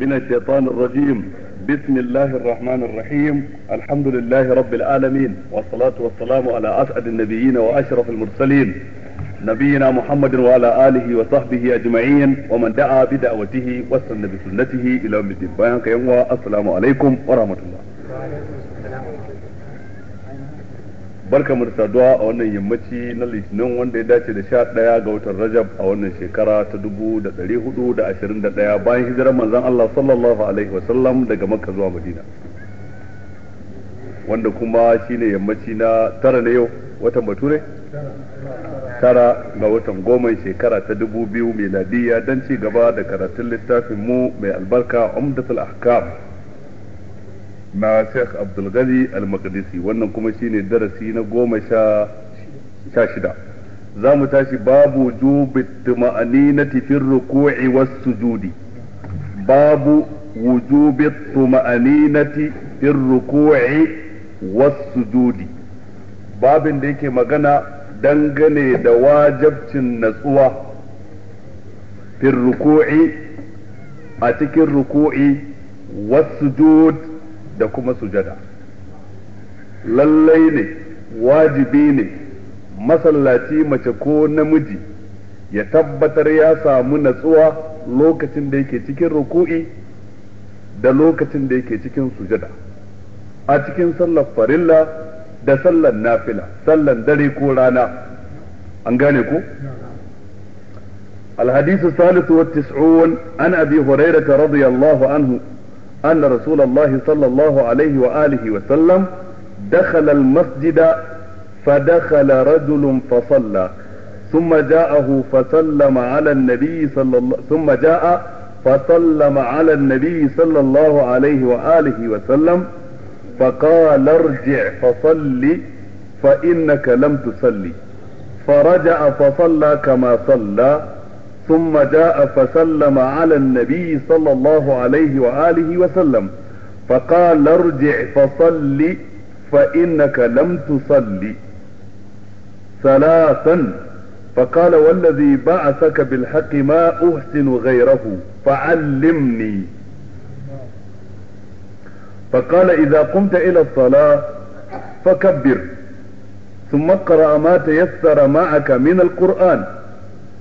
من الشيطان الرجيم بسم الله الرحمن الرحيم الحمد لله رب العالمين والصلاة والسلام على أسعد النبيين وأشرف المرسلين نبينا محمد وعلى آله وصحبه أجمعين ومن دعا بدعوته واستنى بسنته إلى يوم الدين السلام عليكم ورحمة الله وعليكم السلام ورحمة الله barka mu da saduwa a wannan yammaci na litinin wanda ya dace da sha ɗaya ga watan rajab a wannan shekara ta dubu da ɗari hudu da ashirin da ɗaya bayan hijirar manzan Allah sallallahu alaihi wasallam daga makka zuwa madina wanda kuma shine yammaci na tara na yau watan bature tara ga watan goma shekara ta dubu biyu mai ladiya don ci gaba da karatun littafin mu mai albarka umdatul ahkam na Sheikh Abdul Ghani Al-Maqdisi wannan kuma shine darasi na goma sha shida za mu tashi babu wujubi tuma'aninati fi ruku'i was sujudi babu wujubi tuma'aninati fi ruku'i was sujudi babin da yake magana dangane da wajabcin natsuwa fi ruku'i a cikin ruku'i was sujudi da kuma sujada lallai ne wajibi ne masallaci mace ko namiji ya tabbatar ya samu natsuwa lokacin da yake cikin ruku'i da lokacin da yake cikin sujada a cikin sallar farilla da sallar nafila sallar dare ko rana an gane ko الحديث الثالث والتسعون عن أبي هريرة رضي الله عنه أن رسول الله صلى الله عليه وآله وسلم دخل المسجد فدخل رجل فصلى ثم جاءه فسلم على النبي صلى الله ثم جاء فسلم على النبي صلى الله عليه وآله وسلم فقال ارجع فصل فإنك لم تصلي فرجع فصلى كما صلى ثم جاء فسلم على النبي صلى الله عليه وآله وسلم فقال ارجع فصل فإنك لم تصل ثلاثا فقال والذي بعثك بالحق ما أحسن غيره فعلمني فقال إذا قمت إلى الصلاة فكبر ثم اقرأ ما تيسر معك من القرآن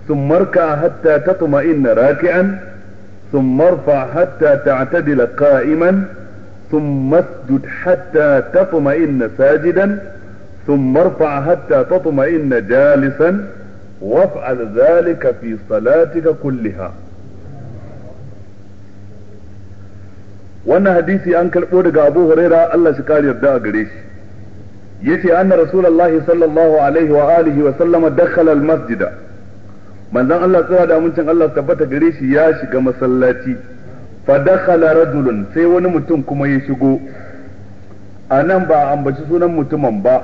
ثم اركع حتى تطمئن راكعا ثم ارفع حتى تعتدل قائما ثم اسجد حتى تطمئن ساجدا ثم ارفع حتى تطمئن جالسا وافعل ذلك في صلاتك كلها وانا حديثي انك الأولى ابو هريرة الله شكال يبدا قريش يتي ان رسول الله صلى الله عليه وآله وسلم دخل المسجد manzon Allah tsara da amincin Allah tabbata gare shi ya shiga masallaci fa dakhala rajulun sai wani mutum kuma ya shigo a nan ba a ambaci sunan mutumin ba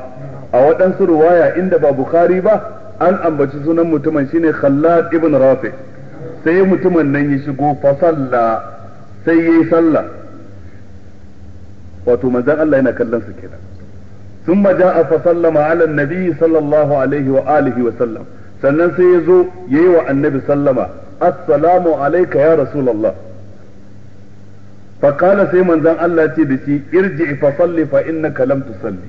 a waɗansu ruwaya inda ba bukhari ba an ambaci sunan mutumin shine khallad ibn rafi sai mutumin nan ya shigo fa salla sai yayi sallah wato manzon Allah yana kallon su kenan ثم جاء فسلم على النبي صلى الله عليه وآله وسلم sannan sai ya zo ya yi wa annabi sallama assalamu alaika ya rasulallah faƙala sai manzan Allah ce da shi irji fa salli fa innaka lam tusalli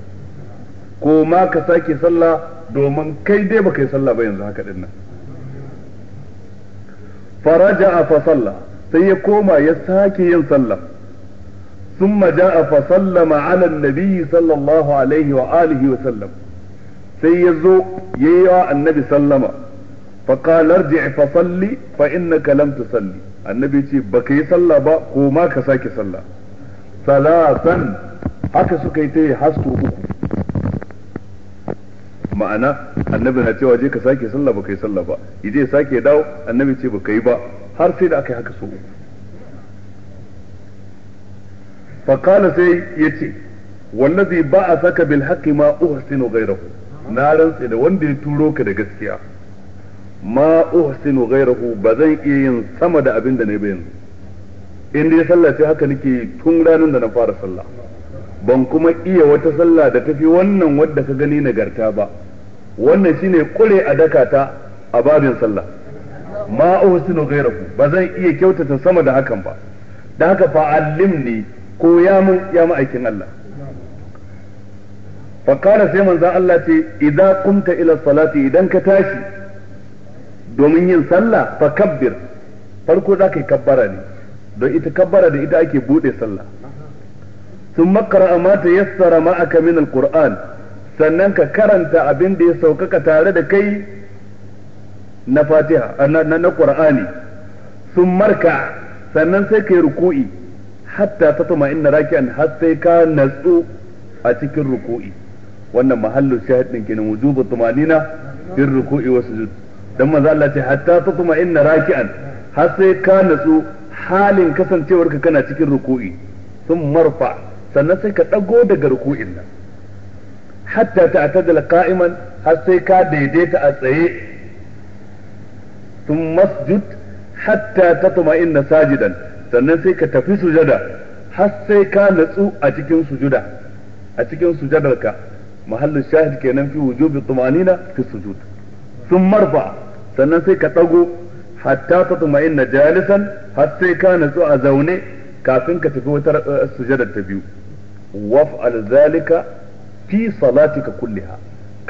ko ma ka sake salla domin kai dai baka yi sallah ba yanzu haka dinnan faraja a fasalla sai ya koma ya sake yin sallah ثم جاء فسلم على sallallahu alaihi wa عليه wa sallam. sai ya zo ya yi wa annabi sallama faƙalar ji fa salli fa inna ka lam salli annabi ce ba ka yi sallah ba ko ma ka sake sallah salatan haka suka yi ta yi hasko uku ma'ana annabi na cewa je ka sake sallah ba ka yi sallah ba ije sake dawo annabi ce ba ka yi ba har sai da aka yi haka so uku faƙala sai ya ce wallazi ba a saka bil haƙi ma uhsinu gairahu na rantse da wanda ya turo ka da gaskiya ma uhsinu ghayrahu ba zan iya yin sama da abin da na yi ba yanzu in dai sallah sai haka nake tun ranar da na fara sallah ban kuma iya wata sallah da tafi wannan wadda ka gani nagarta ba wannan shine kure a dakata a babin sallah ma uhsinu ghayrahu ba zan iya kyautata sama da hakan ba da haka fa'allimni ne ko ya mun ya ma'aikin Allah fakara sai manzo Allah ce idza qumta ila salati idan ka tashi domin yin sallah fa farko zaka yi kabbara ne don ita kabbara da ita ake bude sallah sun makara ma ta yassara ma'aka min alquran sannan ka karanta abin da ya saukaka tare da kai na fatiha na na qur'ani sun marka sannan sai ka yi ruku'i hatta ta tuma inna raki'an har sai ka natsu a cikin ruku'i wannan mahallu shahid din kenan wujubu tumanina fil ruku'i wa sujud dan manzo Allah ce hatta tutma inna raki'an har sai ka natsu halin kasancewarka kana cikin ruku'i sun marfa sannan sai ka dago daga ruku'in nan hatta ta'tadal qa'iman har sai ka daidaita a tsaye sun masjud hatta tatma inna sajidan sannan sai ka tafi sujada har sai ka natsu a cikin sujuda a cikin sujadarka mahallu shahid kenan fi wujubi tumanina fi sujud sun marfa sannan sai ka dago hatta ta tumainna jalisan har sai ka natsu a zaune kafin ka tafi wata eh, sujada ta biyu waf'al zalika fi salatika kulliha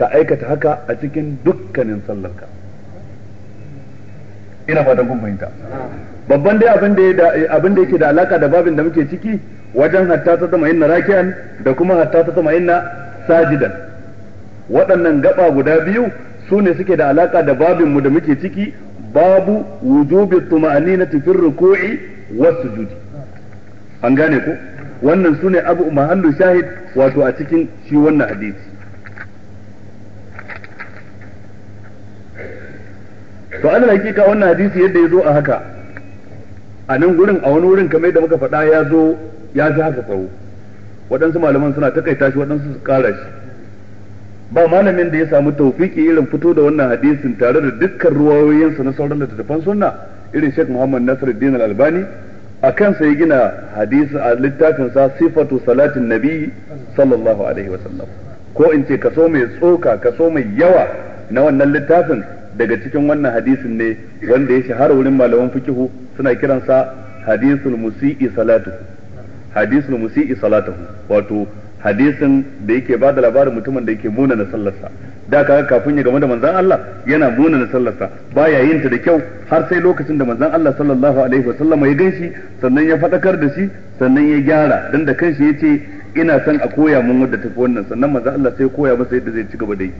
ka aikata haka a cikin dukkanin sallarka ina kun fahimta babban dai abin da eh, abin da yake da alaka da babin da muke ciki wajen hatta ta tumainna raki'an da kuma hatta ta tumainna sajidan waɗannan gaba guda biyu su ne suke da alaka da babinmu da muke ciki babu wujubi tuma'aninati fi ruku'i was sujudi an gane ko wannan su ne abu mahallu shahid wato a cikin shi wannan hadisi to an hakika wannan hadisi yadda ya zo a haka a nan gurin a wani wurin kamar yadda muka faɗa ya zo ya fi haka tsawo waɗansu malaman suna takaita shi waɗansu su kara shi ba malamin da ya samu taufiki irin fito da wannan hadisin tare da dukkan ruwayoyinsa na sauran littattafan sunna irin Sheikh Muhammad Nasiruddin Al-Albani a kansa ya gina hadisi a littafin sa sifatu salatin nabi sallallahu alaihi wasallam ko in ce kaso mai tsoka kaso mai yawa na wannan littafin daga cikin wannan hadisin ne wanda ya shahara wurin malaman fikihu suna kiransa hadisul musi'i salatu hadisin musi'i salatahu wato hadisin da yake bada labarin mutumin da yake muna na sallarsa da ka kafin ya game da manzan Allah yana muna na sallarsa baya yin ta da kyau har sai lokacin da manzan Allah sallallahu alaihi sallama ya ganshi sannan ya fadakar da shi sannan ya gyara dan da kanshi yace ina son a koya mun wadda tafi wannan sannan manzon Allah sai koya masa yadda zai ci gaba da yi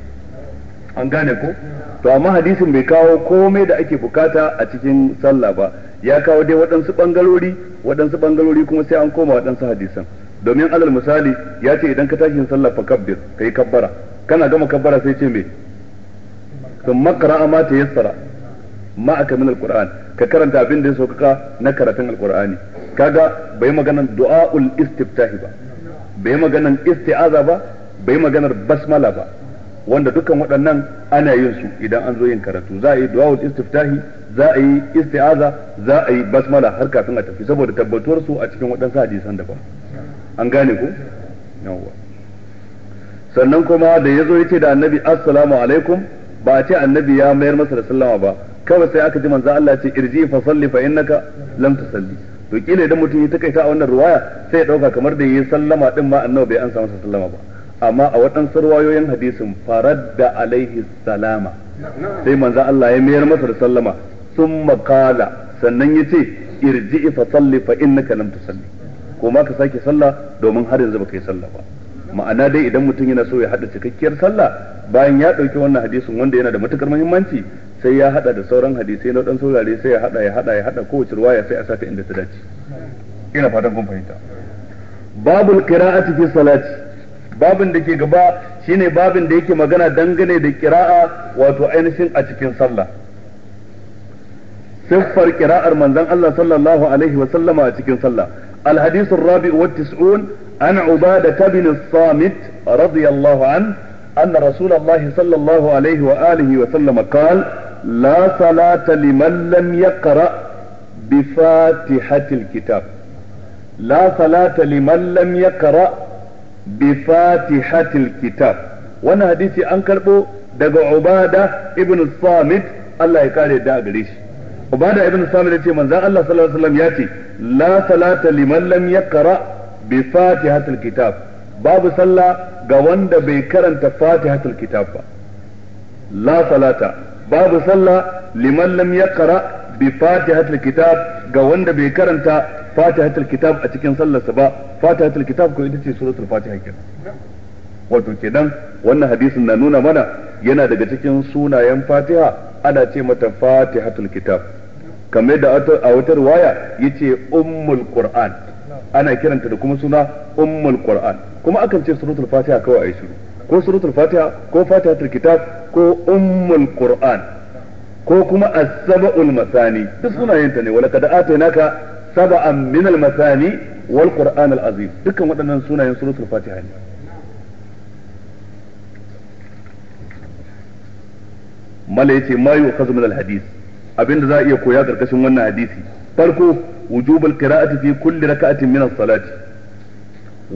an gane ko to amma hadisin bai kawo komai da ake bukata a cikin sallah ba ya kawo dai waɗansu ɓangarori waɗansu ɓangarori kuma sai an koma waɗansu hadisan domin alal misali ya ce idan ka tashi sallah fa kabbir kai kabbara kana gama kabbara sai ce me sun makara ma ta yassara ma aka min alquran ka karanta abin da ya sauƙaƙa na karatun alqurani kaga bai du'a du'aul istiftahi ba bai maganan isti'aza ba bai maganar basmala ba wanda dukkan waɗannan ana yin su idan an zo yin karatu za a yi du'a'ul istiftahi za a yi isti'aza za a yi basmala har kafin a tafi saboda tabbatuwar su a cikin waɗansu hadisan daban an gane ko yawwa sannan kuma da yazo yace da annabi assalamu alaikum ba a ce annabi ya mayar masa da sallama ba kawai sai aka ji manzo Allah ce irji fa salli fa innaka lam tusalli to kila idan mutum ya takaita a wannan ruwaya sai ya dauka kamar da yayi sallama din ma annabi bai ansa masa sallama ba amma a waɗansu ruwayoyin hadisin da alaihi salama sai manzo Allah ya mayar masa da sallama sun makala sannan ya ce irji fa salli fa innaka lam tusalli ko ma ka sake sallah domin har yanzu baka yi sallah ba ma'ana dai idan mutum yana so ya hada cikakkiyar sallah bayan ya ɗauki wannan hadisin wanda yana da matukar muhimmanci sai ya hada da sauran hadisai na dan saurare sai ya hada ya hada ya hada kowace ruwaya sai a sata inda ta dace ina fatan kun fahimta babul qira'ati fi salati babin da ke gaba shine babin da yake magana dangane da kira'a wato ainihin a cikin sallah siffar kira'ar manzon Allah sallallahu alaihi wa sallama a cikin sallah الحديث الرابع والتسعون an عبادة بن الصامت رضي الله عنه أن رسول الله صلى الله wa وآله وسلم la salata liman لمن لم يقرأ بفاتحة الكتاب la salata liman لم يقرأ bi fatihatil kitab wannan hadisi an karbo daga Ubada ibn Samit Allah ya kare da gare shi Ubada ibn Samit yace manzon Allah sallallahu alaihi wasallam yace la salata liman lam yaqra bi fatihatil kitab babu sallah ga wanda bai karanta fatihatul kitab ba la salata babu sallah liman lam yaqra bi fatihatul kitab ga wanda bai karanta fatihatul kitab a cikin sallarsa ba fatihatul kitab ko ita ce suratul fatiha kenan wato kenan wannan hadisin na nuna mana yana daga cikin sunayen fatiha ana ce mata fatihatul kitab kamar da a wata riwaya yace ummul qur'an ana kiranta da kuma suna ummul qur'an kuma akan ce suratul fatiha kawai ai shiru ko suratul fatiha ko fatihatul kitab ko ummul qur'an ko kuma as-sab'ul masani duk sunayenta ne wala kad atainaka sab'an minal al-masani wal qur'an al-azim dukkan waɗannan sunayen suratul fatiha ne mala yace ma yu'khadhu min al abinda za a iya koya karkashin wannan hadisi farko wujubal qira'ati fi kulli raka'atin min as-salati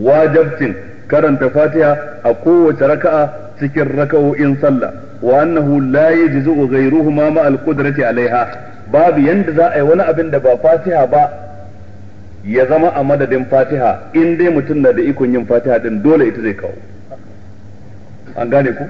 wajibtin karanta fatiha a kowace raka'a cikin raka'o'in sallah wa annahu la yajzu ghayruhuma ma al-qudrati alaiha babu yanda za a yi wani abin da ba fatiha ba ya zama a madadin fatiha in dai mutum na da ikon yin fatiha din dole ita zai kawo an gane ku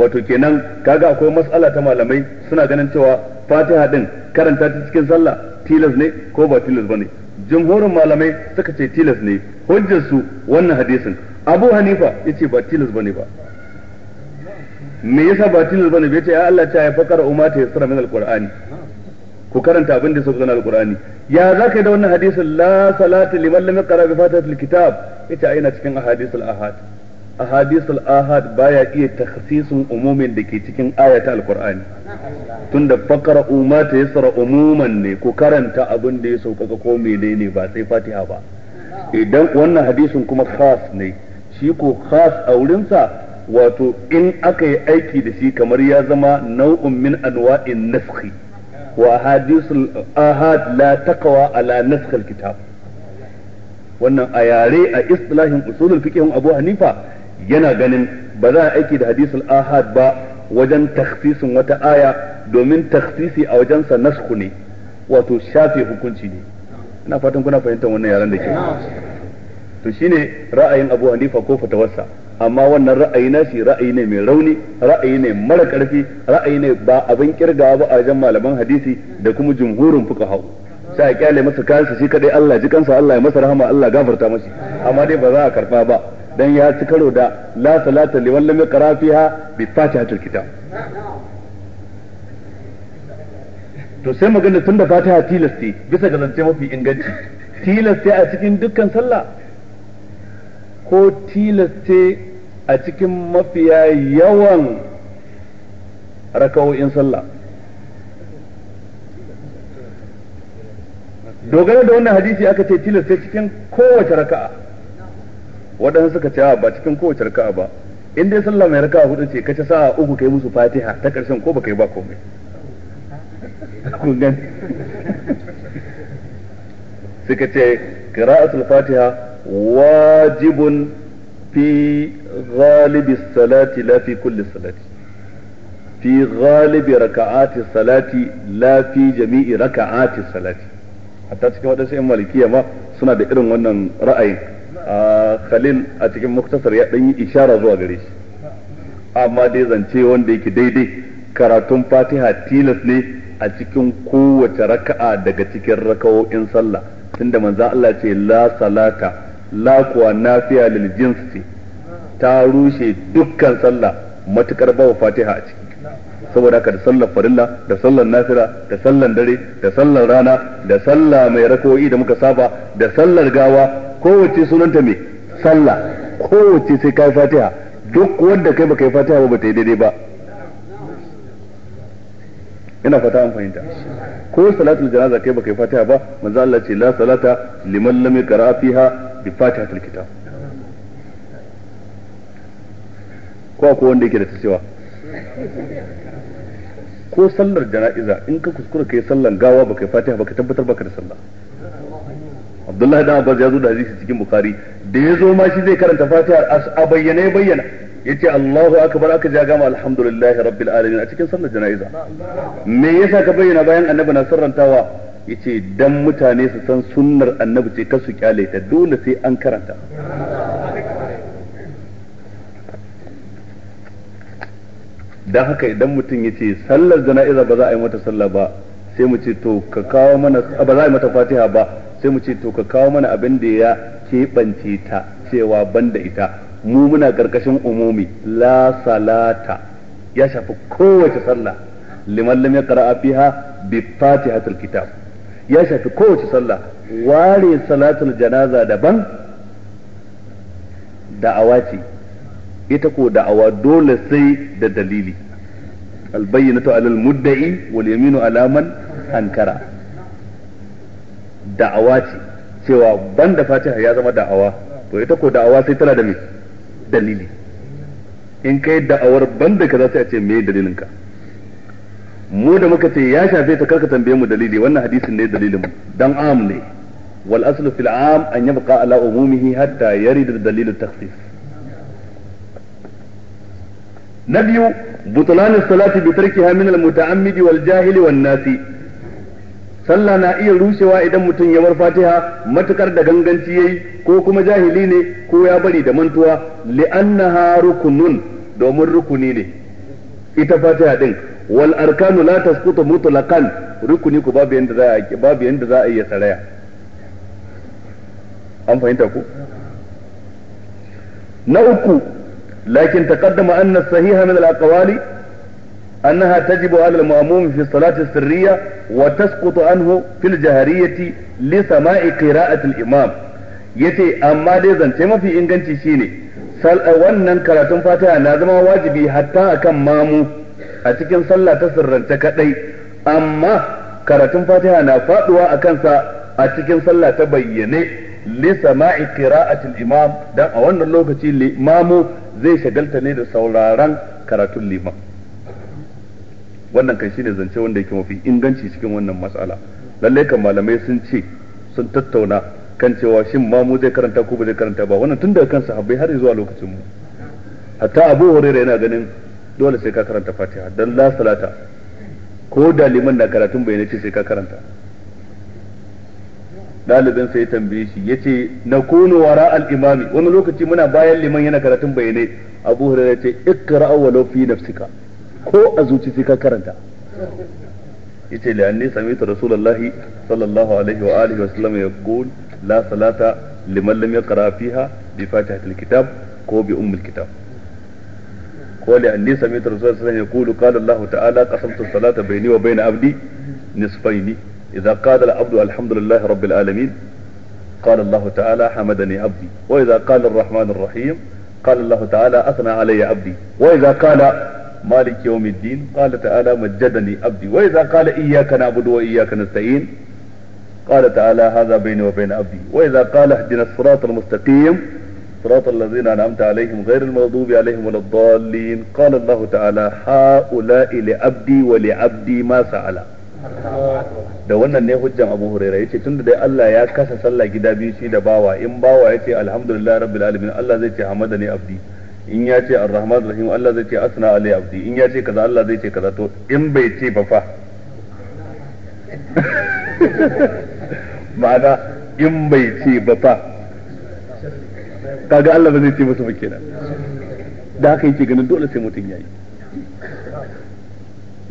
wato kenan kaga akwai matsala ta malamai suna ganin cewa fatiha din karanta ta cikin sallah tilas ne ko ba tilas bane jumhurin malamai suka ce tilas ne hujjar su wannan hadisin abu hanifa yace ba tilas bane ba me yasa ba tilas bane bai ce ya Allah ta ya fakara umma ta yasra min alqur'ani ku karanta abin da suka zana alqur'ani ya zaka yi da wannan hadisin la salati liman lam yaqra bi fatihatil kitab ita aina cikin ahadisul ahad ahadisul ahad baya iya takhsisun umumin da ke cikin ayata alqur'ani tunda faqra umma ta yasra umuman ne ku karanta abin da ya sauƙaƙa ko menene ba sai fatiha ba idan wannan hadisin kuma khas ne shi ko khas a wurinsa wato in aka yi aiki da shi kamar ya zama nau'un min anwa'in nafhi wa hadisul ahad la taqwa ala nasakh wannan a yare a istilahin usulul fiqh Abu Hanifa yana ganin ba za a aiki da hadisul ahad ba wajen takhsisin wata aya domin takhsisi a sa nasku ne wato shafe hukunci ne ina fatan kuna fahimtar wannan yaren da ke to shine ra'ayin Abu Hanifa ko fatawarsa amma wannan ra'ayi na shi ra'ayi ne mai rauni ra'ayi ne mara karfi ra'ayi ne ba abin kirgawa ba a wajen malaman hadisi da kuma jumhurin fuqaha sai a kyale masa kansa shi kadai Allah ji kansa Allah ya masa rahama Allah gafarta masa amma dai ba za a karba ba dan ya ci karo da la salata liman wallam yaqra fiha bi fatihatul kitab to sai magana tun da fatiha tilasti bisa ga zance mafi inganci tilasti a cikin dukkan sallah ko tilasti a cikin mafiya yawan rakawo'in sallah dogara da wannan hadisi aka ce tilasta cikin kowace raka'a waɗansu suka ce ba cikin kowace raka'a ba in dai sallah mai raka'a hudu ce kace sa'a uku kai musu fatiha ta ƙarshen ko baka yi ba komai suka ce qira'atul fatiha wajibun fi ghalibi salati la fi kulli salati fi ghalibi raka'ati salati la fi jami'i raka'ati salati hatta cikin waɗansu yan malikiya ma suna da irin wannan ra'ayin a khalil a cikin muktasar ya ɗan yi ishara zuwa gare shi amma dai zance wanda yake daidai karatun fatiha tilas ne a cikin kowace raka'a daga cikin raka'o'in sallah tunda manzan Allah ce la salata lakuwa nafiya lil jinsi ta rushe dukkan sallah matukar wa fatiha a ciki saboda haka da sallar farilla da sallar nafila da sallar dare da sallar rana da sallah mai rako'i da muka saba da sallar gawa kowace sunanta mai sallah kowace sai kai fatiha duk wanda kai baka yi fatiha ba bata yi daidai ba ina fata an fahimta ko salatul janaza kai baka yi fatiha ba manzo Allah ce la salata liman lam yaqra fiha بفاتحة الكتاب ko akwai wanda yake da ta ko sallar jana'iza in ka kuskura kai sallan gawa baka fatiha baka tabbatar baka da sallah Abdullahi dan Abbas ya zo da hadisi cikin Bukhari da ya zo ma shi zai karanta fatiha a bayyane bayyana yace Allahu akbar aka ja gama alhamdulillahi rabbil alamin a cikin sallar jana'iza me yasa ka bayyana bayan annabi na sarrantawa yace dan mutane su san sunnar annabi ce kasu su kyale ta dole sai an karanta dan haka idan mutum yace sallar jana'iza ba za a yi mata sallah ba sai mu ce to ka kawo mana ba za a yi mata fatiha ba sai mu ce to ka kawo mana abin da ya keɓance ta cewa banda ita mu muna karkashin umumi la salata ya shafi kowace sallah liman lam yaqra fiha bi fatihatul kitab ya shafi kowace sallah ware salatul janaza daban da'awa ce ita ko da'awa dole sai da dalili albayyinatu alal mudda'i wal yaminu alaman ankara da'awa ce cewa banda fatiha ya zama da'awa to ita ko da'awa sai tana da me dalili in kai da'awar banda ka sai a ce me dalilin ka mu da muka ce ya shafe ta karka tambaye mu dalili wannan hadisin ne dalilin mu dan am ne wal aslu fil am an yabqa ala umumihi hatta yarid dalil takhsis na biyu butlan salati bi tarkiha min al muta'ammid wal jahil wan nasi sallah na iya rushewa idan mutum ya bar fatiha matukar da ganganci yayi ko kuma jahili ne ko ya bari da mantuwa annaha rukunun domin rukuni ne ita fatiha din wal arkanu la tasqutu mutlaqan rukuni ku babu yanda za a babu yanda za a yi saraya an fahimta ku na uku lakin taqaddama anna sahiha min al aqwali أنها sirriya على المأموم في الصلاة السرية وتسقط عنه li الجهرية لسماع قراءة الإمام yace amma dai zance mafi inganci shine wannan karatun fatiha na zama wajibi hatta akan mamu a cikin sallah ta sirrance kadai amma karatun fatiha na faduwa a kansa a cikin sallah ta bayyane li sama'i qira'atil imam dan a wannan lokaci limamu zai shagalta ne da sauraron karatun liman wannan kan shine zance wanda yake mafi inganci cikin wannan matsala lalle kan malamai sun ce sun tattauna kan cewa shin mamu zai karanta ko ba zai karanta ba wannan tun daga kansa har zuwa lokacin mu hatta abu hurairah yana ganin dole sai ka karanta fatiha dan la salata ko da liman na karatun bai ce sai ka karanta dalibin sai tambaye shi yace nakunu wara al imami wani lokaci muna bayan liman yana karatun bayanai abu hurairah ce iqra wa fi nafsika ko a zuci sai ka karanta yace la anni sami'tu rasulullahi sallallahu alaihi wa alihi wa sallam yaqul la salata liman lam yaqra fiha bi fatihatil kitab ko bi ummul kitab ولأني سمعت رسول الله صلى الله عليه وسلم يقول قال الله تعالى قسمت الصلاة بيني وبين عبدي نصفين إذا قال العبد الحمد لله رب العالمين قال الله تعالى حمدني عبدي وإذا قال الرحمن الرحيم قال الله تعالى أثنى علي عبدي وإذا قال مالك يوم الدين قال تعالى مجدني عبدي وإذا قال إياك نعبد وإياك نستعين قال تعالى هذا بيني وبين عبدي وإذا قال اهدنا الصراط المستقيم صراط الذين أنعمت عليهم غير المغضوب عليهم ولا الضالين قال الله تعالى هؤلاء لعبدي ولعبدي ما سأل da wannan ne hujjan Abu Huraira yace tunda dai Allah ya kasa sallah gida biyu shi da bawa in bawa yace alhamdulillah rabbil alamin Allah zai ce hamadani abdi in ya ce arrahman rahim Allah zai ce asna Ali abdi in ya ce kaza Allah zai ce kaza to in bai ce ba fa ma'ana in bai ce ba fa kaga Allah ba zai ce masa ba kenan da haka yake ganin dole sai mutum yayi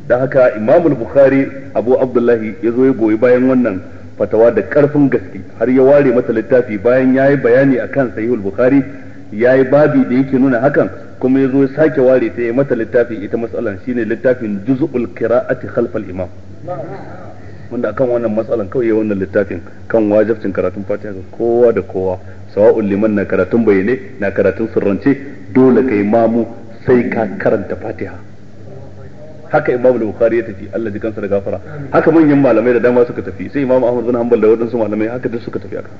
da haka Imam Bukhari Abu Abdullahi ya zo ya goyi bayan wannan fatawa da karfin gaske har ya ware mata littafi bayan yayi bayani akan Sahihul Bukhari yayi babi da yake nuna hakan kuma ya zo ya sake ware ta ya mata littafi ita matsalan shine littafin juz'ul qira'ati khalfal imam wanda akan wannan matsalan kawai ya wannan littafin kan wajibcin karatun fatiha ga kowa da kowa sawa'ul liman na karatun bayyane na karatun sirrance dole kai mamu sai ka karanta fatiha haka imamu bukhari ya tafi Allah ji kansa da gafara haka manyan malamai da dama suka tafi sai imamu ahmad bin hanbal da waɗansu malamai haka duk suka tafi akan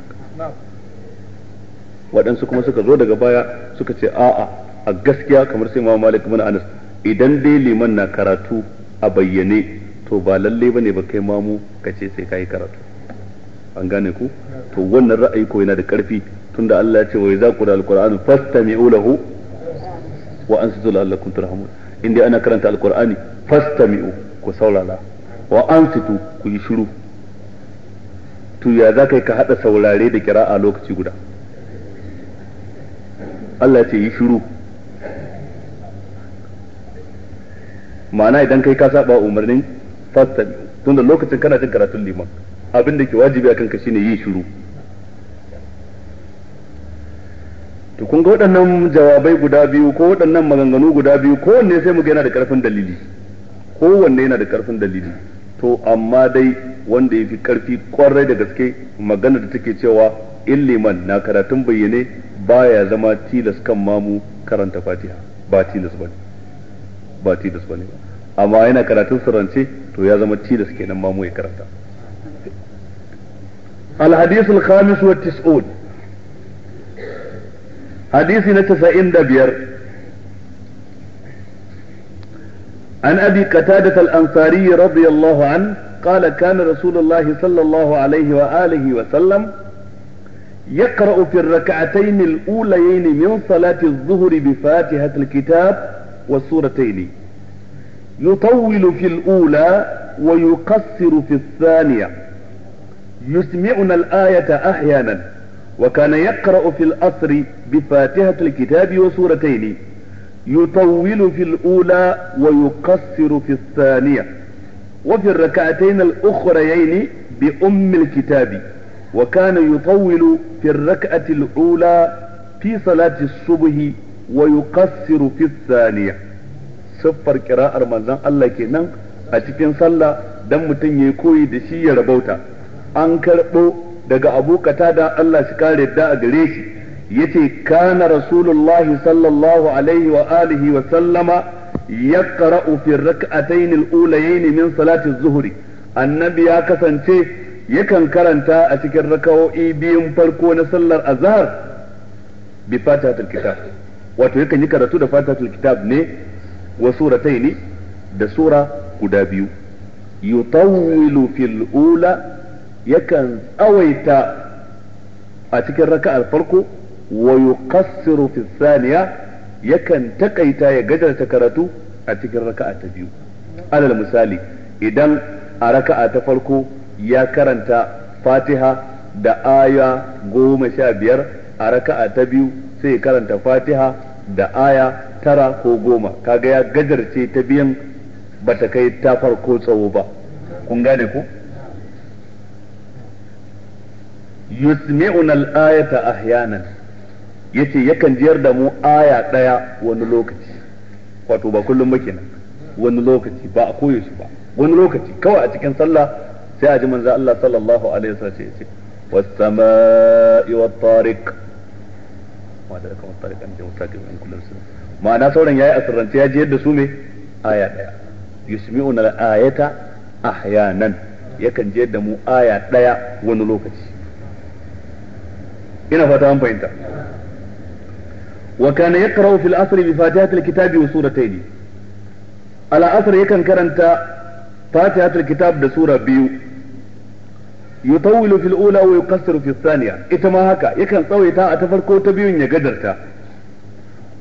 waɗansu kuma suka zo daga baya suka ce a'a a gaskiya kamar sai imamu malik bin anas idan dai liman na karatu a bayyane to ba lalle bane ba kai mamu ka ce sai kai karatu an gane ku to wannan ra'ayi ko yana da karfi tunda Allah ya ce wa idza qura alqur'anu fastami'u lahu wa ansitu la'allakum turhamun inda ana karanta alqur'ani fastami'u ku saurara wa ansitu ku yi shiru to ya za ka ka hada saurare da kira'a lokaci guda Allah ce yi shiru ma'ana idan kai ka saba umarnin tun da lokacin kana jin karatun liman abin da ke wajibi a ka shine yin shiru to kun ga waɗannan jawabai guda biyu ko waɗannan maganganu guda biyu kowanne sai mu ga yana da ƙarfin dalili kowanne yana da ƙarfin dalili to amma dai wanda ya fi ƙarfi kwarai da gaske magana da take cewa liman na karatun bayyane baya zama tilas kan mamu karanta fatiha ba tilas bane ba tilas bane ba amma yana karatun surance to ya zama tilas kenan ma mu ya karanta الحديث الخامس والتسعون حديث نتسعين دبير عن أبي قتادة الأنصاري رضي الله عنه قال كان رسول الله صلى الله عليه وآله وسلم يقرأ في الركعتين الأوليين من صلاة الظهر بفاتحة الكتاب والسورتين يطول في الأولى ويقصر في الثانية يسمعنا الآية أحيانا وكان يقرأ في الأصر بفاتحة الكتاب وسورتين يطول في الأولى ويقصر في الثانية وفي الركعتين الأخريين بأم الكتاب وكان يطول في الركعة الأولى في صلاة الصبح ويقصر في الثانية siffar kira'ar manzon Allah kenan a cikin sallah dan mutum ya koyi da shi ya rabauta an karɓo daga abu da Allah shi kare da a gare shi ce kana rasulullah sallallahu alaihi wa alihi wa sallama yaqra'u fi rak'atayn al-ulayayn min salati zuhri annabi ya kasance yakan karanta a cikin rakawo'i biyun farko na sallar azhar bi fatihatul kitab wato yakan yi karatu da fatihatul kitab ne wasu ratai ne da sura guda biyu yutawwilu fil ula yakan tsawaita a cikin raka'ar farko wa yuqassiru fis thaniya yakan taƙaita ya gajarta karatu a cikin raka'a ta biyu alal misali idan a raka'a ta farko ya karanta fatiha da aya goma sha biyar a raka'a ta biyu sai ya karanta fatiha da aya tara ko goma kaga ya gajarce ta biyan bata kai ta farko tsawo ba kun gane ku yusmi'una al-ayata ahyanan yace yakan jiyar da mu aya daya wani lokaci wato ba kullum ba kenan wani lokaci ba a su ba wani lokaci kawai a cikin sallah sai a ji manzo Allah sallallahu alaihi wasallam sai yace was-sama'i wat-tariq wa da kuma tariqan da mutakin kullum sai ma'ana sauran yayi asirrance ya jiyar da su me aya daya yusmi'una al-ayata ahyanan yakan jiyar da mu aya daya wani lokaci ina fata an fahimta wa kana yaqra'u fil asr bi fatihatil kitabi wa suratayn al asr yakan karanta fatihatil kitab da sura biyu yutawwilu fil ula wa yuqassiru fil thaniya ita ma haka yakan tsawaita a ta farko ta biyun ya gadarta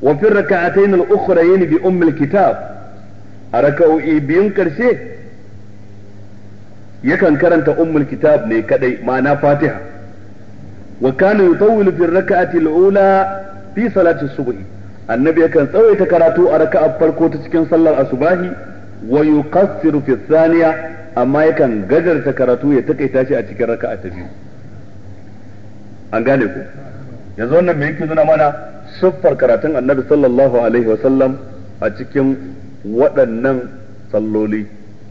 wa fi raka'atayn al-ukhrayn bi umm al a raka'o'i biyun karshe yakan karanta ummul ne kaɗai, ma'ana fatiha wa kana yutawwilu fi raka'ati al-ula fi salati subh annabi yakan tsawaita karatu a raka'ar farko ta cikin sallar asubahi wa yuqassiru fi thaniya amma yakan gajarta karatu ya takaita shi a cikin raka'a ta biyu an gane ku yanzu wannan me yake nuna mana siffar karatun annabi sallallahu alaihi wasallam a cikin waɗannan salloli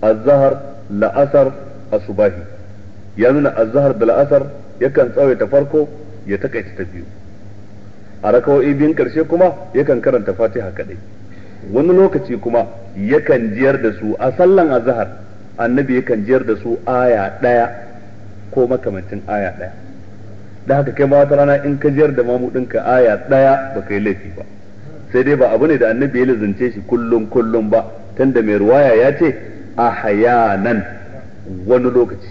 azhar la'asar asubahi ya nuna azhar da la'asar yakan tsawaita farko ya takaita ta biyu a rakawai biyun karshe kuma yakan karanta fatiha kadai wani lokaci kuma yakan jiyar da su a sallan azhar annabi yakan jiyar da su aya ɗaya ko makamancin aya ɗaya da haka kai ma wata rana in ka jiyar da mamu ɗinka aya ɗaya ba kai laifi ba sai dai ba abu ne da annabi ya lizance shi kullum kullum ba tunda mai ruwaya ya ce a hayanan wani lokaci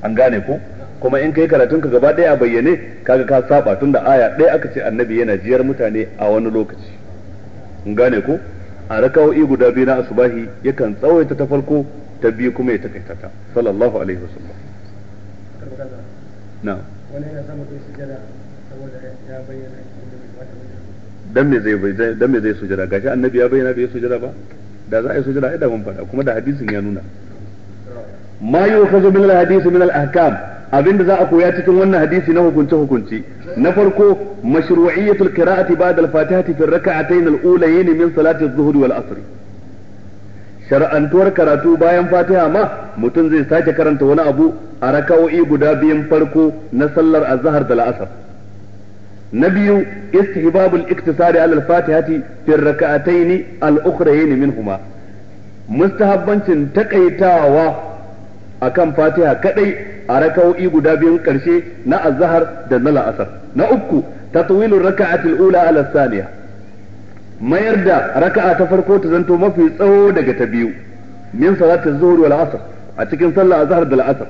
an gane ko kuma in kai karatun ka gaba ɗaya a bayyane kaga ka saba tunda aya ɗaya aka ce annabi yana jiyar mutane a wani lokaci an gane ko a rakawo'i guda biyu na asubahi yakan tsawaita ta farko ta biyu kuma ya takaita ta sallallahu alaihi wasallam na'am wani yana samun ya bayyana inda ba dan me zai dan me zai sujada gashi annabi ya bayyana bai sujada ba da za a yi sujada ai da mun faɗa kuma da hadisin ya nuna ma yukhazu min al-hadith min al-ahkam abinda za a koya cikin wannan hadisi na hukunce hukunci na farko mashru'iyyatul qira'ati ba'da al-fatihati fi ar-rak'atayn al-ulayayn min salati adh-dhuhr wal-'asr shara'antuwar karatu bayan fatiha ma mutum zai sake karanta wani abu a raka'o'i guda biyun farko na sallar azhar da la'asar na biyu istihbabul iktisari alal fatihati fi raka'ataini al ukhrayn minhuma mustahabbancin takaitawa akan fatiha kadai a raka'o'i guda biyun karshe na azhar da na la'asar na uku tatwilur raka'atil ula ala thaniya mayar da raka'a ta farko ta zanto mafi tsawo daga ta biyu min salatin zuhur wal asr a cikin sallah azhar da al'asr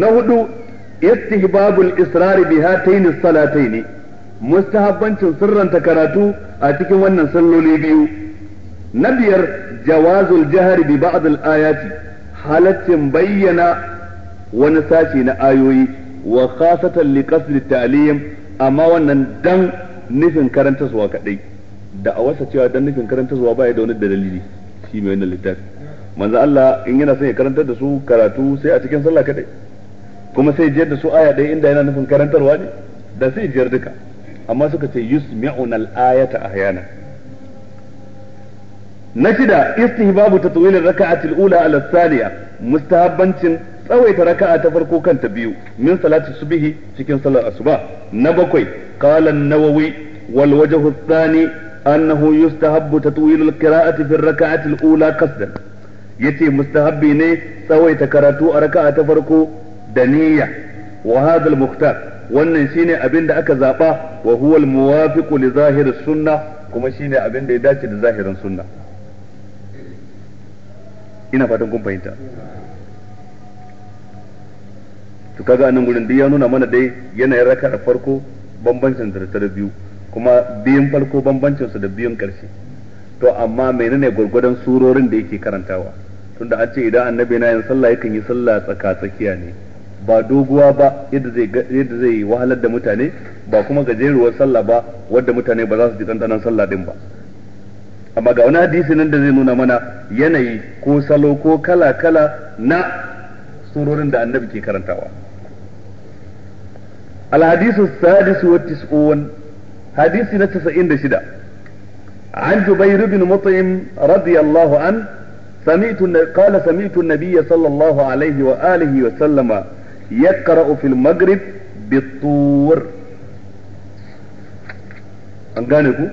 na hudu istihbabul israr bi hatayn salatayn mustahabbancin sirranta karatu a cikin wannan salloli biyu na biyar jawazul jihar bi ba'd al ayati halaccin bayyana wani sashi na ayoyi wa khasatan li qasd at ta'lim amma wannan dan nufin karanta suwa kadai da a wasa cewa dan nufin karanta zuwa baya da wani dalili shi mai wannan littafi manzo Allah in yana son ya karanta da su karatu sai a cikin sallah kadai kuma sai jiyar da su aya ɗaya inda yana nufin karantarwa ne da sai jiyar duka amma suka ce yusmi'una al-ayata ahyana na shida istihbabu tatwil ar-rak'ati al-ula ala thaniya mustahabbancin tsawaita raka'a ta farko kanta biyu min salati subhi cikin salar asuba na bakwai qala an-nawawi wal wajhu أنه يستحب تطويل القراءة في الركعة الأولى قصدا يتي مستحب ني سوي تكراتو أركعة تفرقو دنية وهذا المختار wannan shine abin da aka zaba wa huwa al-muwafiq li zahir sunna kuma shine abin da ya dace da zahirin sunna ina fatan kun fahimta to kaga anan gurin duk ya nuna mana dai yanayin raka raka'a farko bambancin da biyu kuma biyun farko bambancin su da biyun karshe to amma menene gurgudan surorin da yake karantawa tunda an ce idan annabi na yin sallah yakan yi sallah tsaka tsakiya ne ba doguwa ba yadda zai wahalar da mutane ba kuma gajeruwar sallah ba wadda mutane ba za su ji dandanan sallah din ba amma ga wani hadisi nan da zai nuna mana yanayi ko salo ko kala kala na surorin da annabi ke karantawa الحديث السادس والتسعون hadisi na 96 an jubair ibn mut'im radiyallahu an سمعت قال سمعت النبي صلى الله عليه وآله وسلم يقرأ في المغرب بالطور an gane ku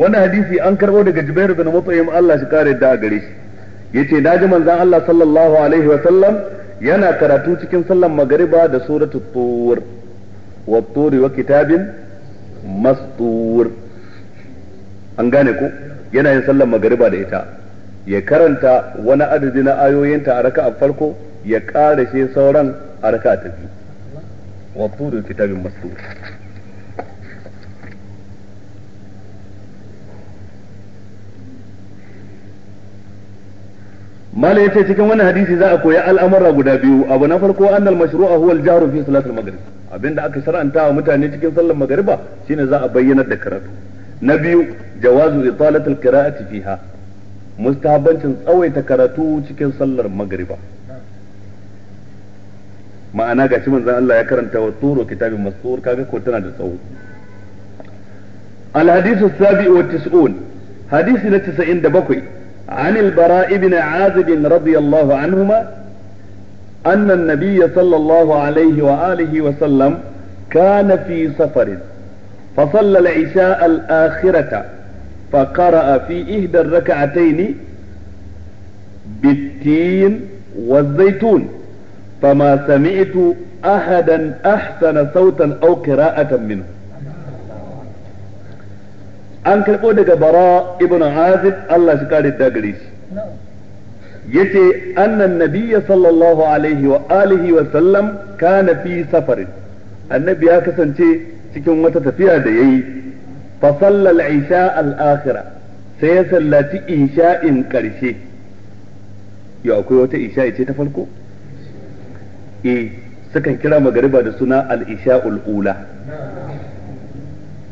wani hadisi an karbo daga Jubair bin Mut'im Allah shi kare da gare shi yace ji manzon Allah sallallahu alaihi wa sallam yana karatu cikin sallan magariba da suratul tur wa tur wa kitabin mastur an gane ko yana yin sallar magariba da ita ya karanta wani adadi na ayoyinta a raka'a farko ya karashe sauran a raka'a ta biyu wa turu kitabin mastur mala yace cikin wannan hadisi za a koya al'amura guda biyu abu na farko annal mashru'a huwa al-jahru fi salatul maghrib abinda aka shar'anta wa mutane cikin sallar magariba shine za a bayyanar da karatu na biyu jawazu italatul qira'ati fiha mustahabancin tsawaita karatu cikin sallar magariba ma'ana gashi manzon Allah ya karanta wa turo kitabin mastur kaga ko tana da tsawo الحديث السابع والتسعون hadisi na دبكوي عن البراء بن عازب رضي الله عنهما أن النبي صلى الله عليه وآله وسلم كان في سفر فصلى العشاء الآخرة فقرأ في إحدى الركعتين بالتين والزيتون فما سمعت أحدا أحسن صوتا أو قراءة منه an karɓo daga bara ibn azib Allah shi kare da gare shi yace annan nabiyya sallallahu alaihi wa alihi wa sallam kana fi safarin annabi ya kasance cikin wata tafiya da yayi fa sallal isha al akhira sai ya sallaci isha'in karshe yo akwai wata isha'i ce ta farko eh sukan kira magariba da suna al isha'ul ula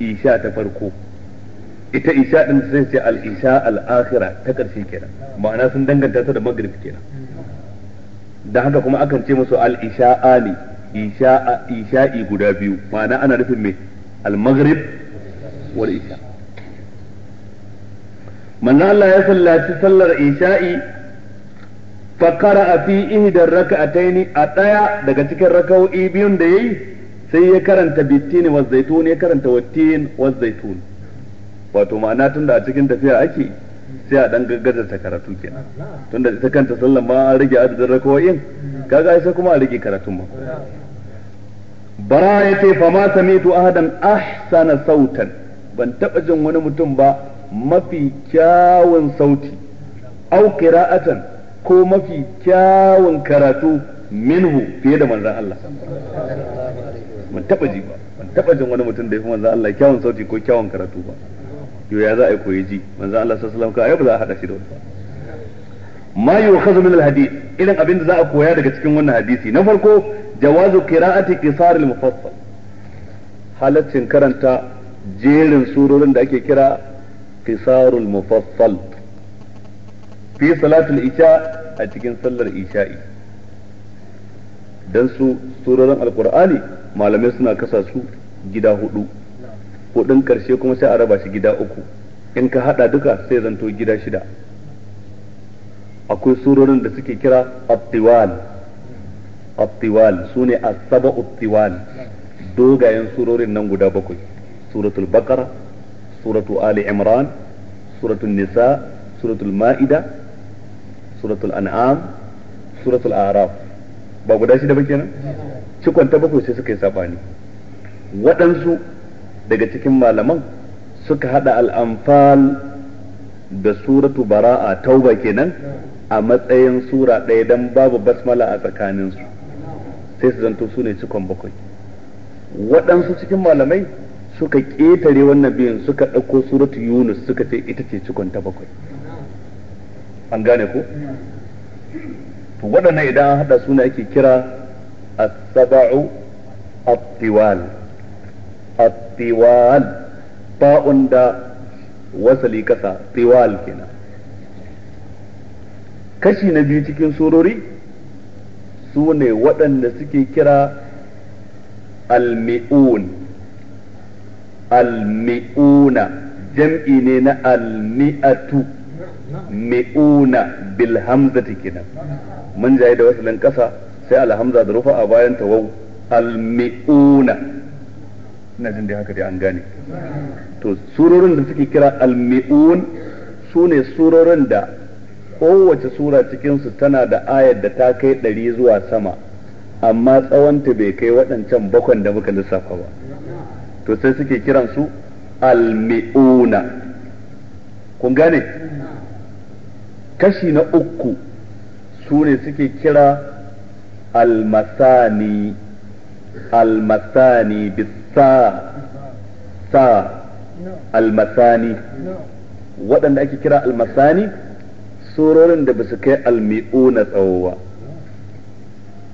isha ta farko ita isha din sai ce al isha al akhirah ta karshe kenan ma'ana sun danganta ta da maghrib kenan dan haka kuma akan ce musu al isha ali isha isha'i guda biyu ma'ana ana nufin me al maghrib wal isha manzo Allah ya sallaci sallar isha'i fa qara'a fi ihda rak'ataini a daya daga cikin raka'o'i biyun da yayi sai ya karanta bittini wa zaitun ya karanta wattin wa zaitun wato ma'ana tunda a cikin tafiya ake sai a dan gaggaza ta karatu tun tunda ita kanta sallan ma an rage adadin rakawoyin kaga sai kuma a rage karatun ma bara ya ce fa ma samitu ahadan ahsana sautan ban taba jin wani mutum ba mafi kyawun sauti au qira'atan ko mafi kyawun karatu minhu fiye da manzon Allah ban taba ji ba ban taba jin wani mutum da ya fi manzon Allah kyawun sauti ko kyawun karatu ba to ya za a koyi ji manzo Allah sallallahu alaihi wasallam ka ayyuka za a hada shi da wani ma yu'khadhu min al-hadith irin abin da za a koya daga cikin wannan hadisi na farko jawazu qira'ati qisar al halaccin karanta jerin surorin da ake kira qisarul mufassal fi salatul isha a cikin sallar isha'i dan su surorin alkur'ani malamai suna kasa su gida hudu kudin karshe kuma sai a raba shi gida uku in ka hada duka sai zanto gida shida akwai surorin da suke kira attiwal attiwal su ne asaba attiwal dogayen surorin nan guda bakwai suratul baqara suratu ali imran suratul nisa suratul ma'ida suratul an'am suratul araf ba guda shida ba kenan cikon ta bakwai sai suka yi sabani waɗansu daga cikin malaman suka hada al'amfal da suratu bara'a tauba kenan a matsayin sura ɗaya don babu basmala a tsakaninsu sai su zanto su ne cikon bakwai waɗansu cikin malamai suka ƙetare wannan biyun suka ɗauko suratu yunus suka ce ita ce cikon ta bakwai an gane ko to waɗannan idan an haɗa suna ake kira as-sab'u at-tiwal at-tiwal ta'un da wasali kasa tiwal kenan kashi na biyu cikin surori su ne waɗanda suke kira almi'un almi'una jam'i ne na almi'atu mi'una bil hamzati kenan mun jaye da wasalin ƙasa sai alhamza da rufa a bayan tawau almi'una ina jin dai haka dai an gane to surorin da suke kira almi'un miun sune surorin da kowace sura cikinsu tana da ayar da ta kai ɗari zuwa sama amma tsawonta bai kai waɗancan bakwan da muka lissafa ba to sai suke kiran su al kun gane kashi na uku su ne suke kira al-masani bis sa sa almasani waɗanda ake kira almasani surorin da ba su kai almi'una tsawo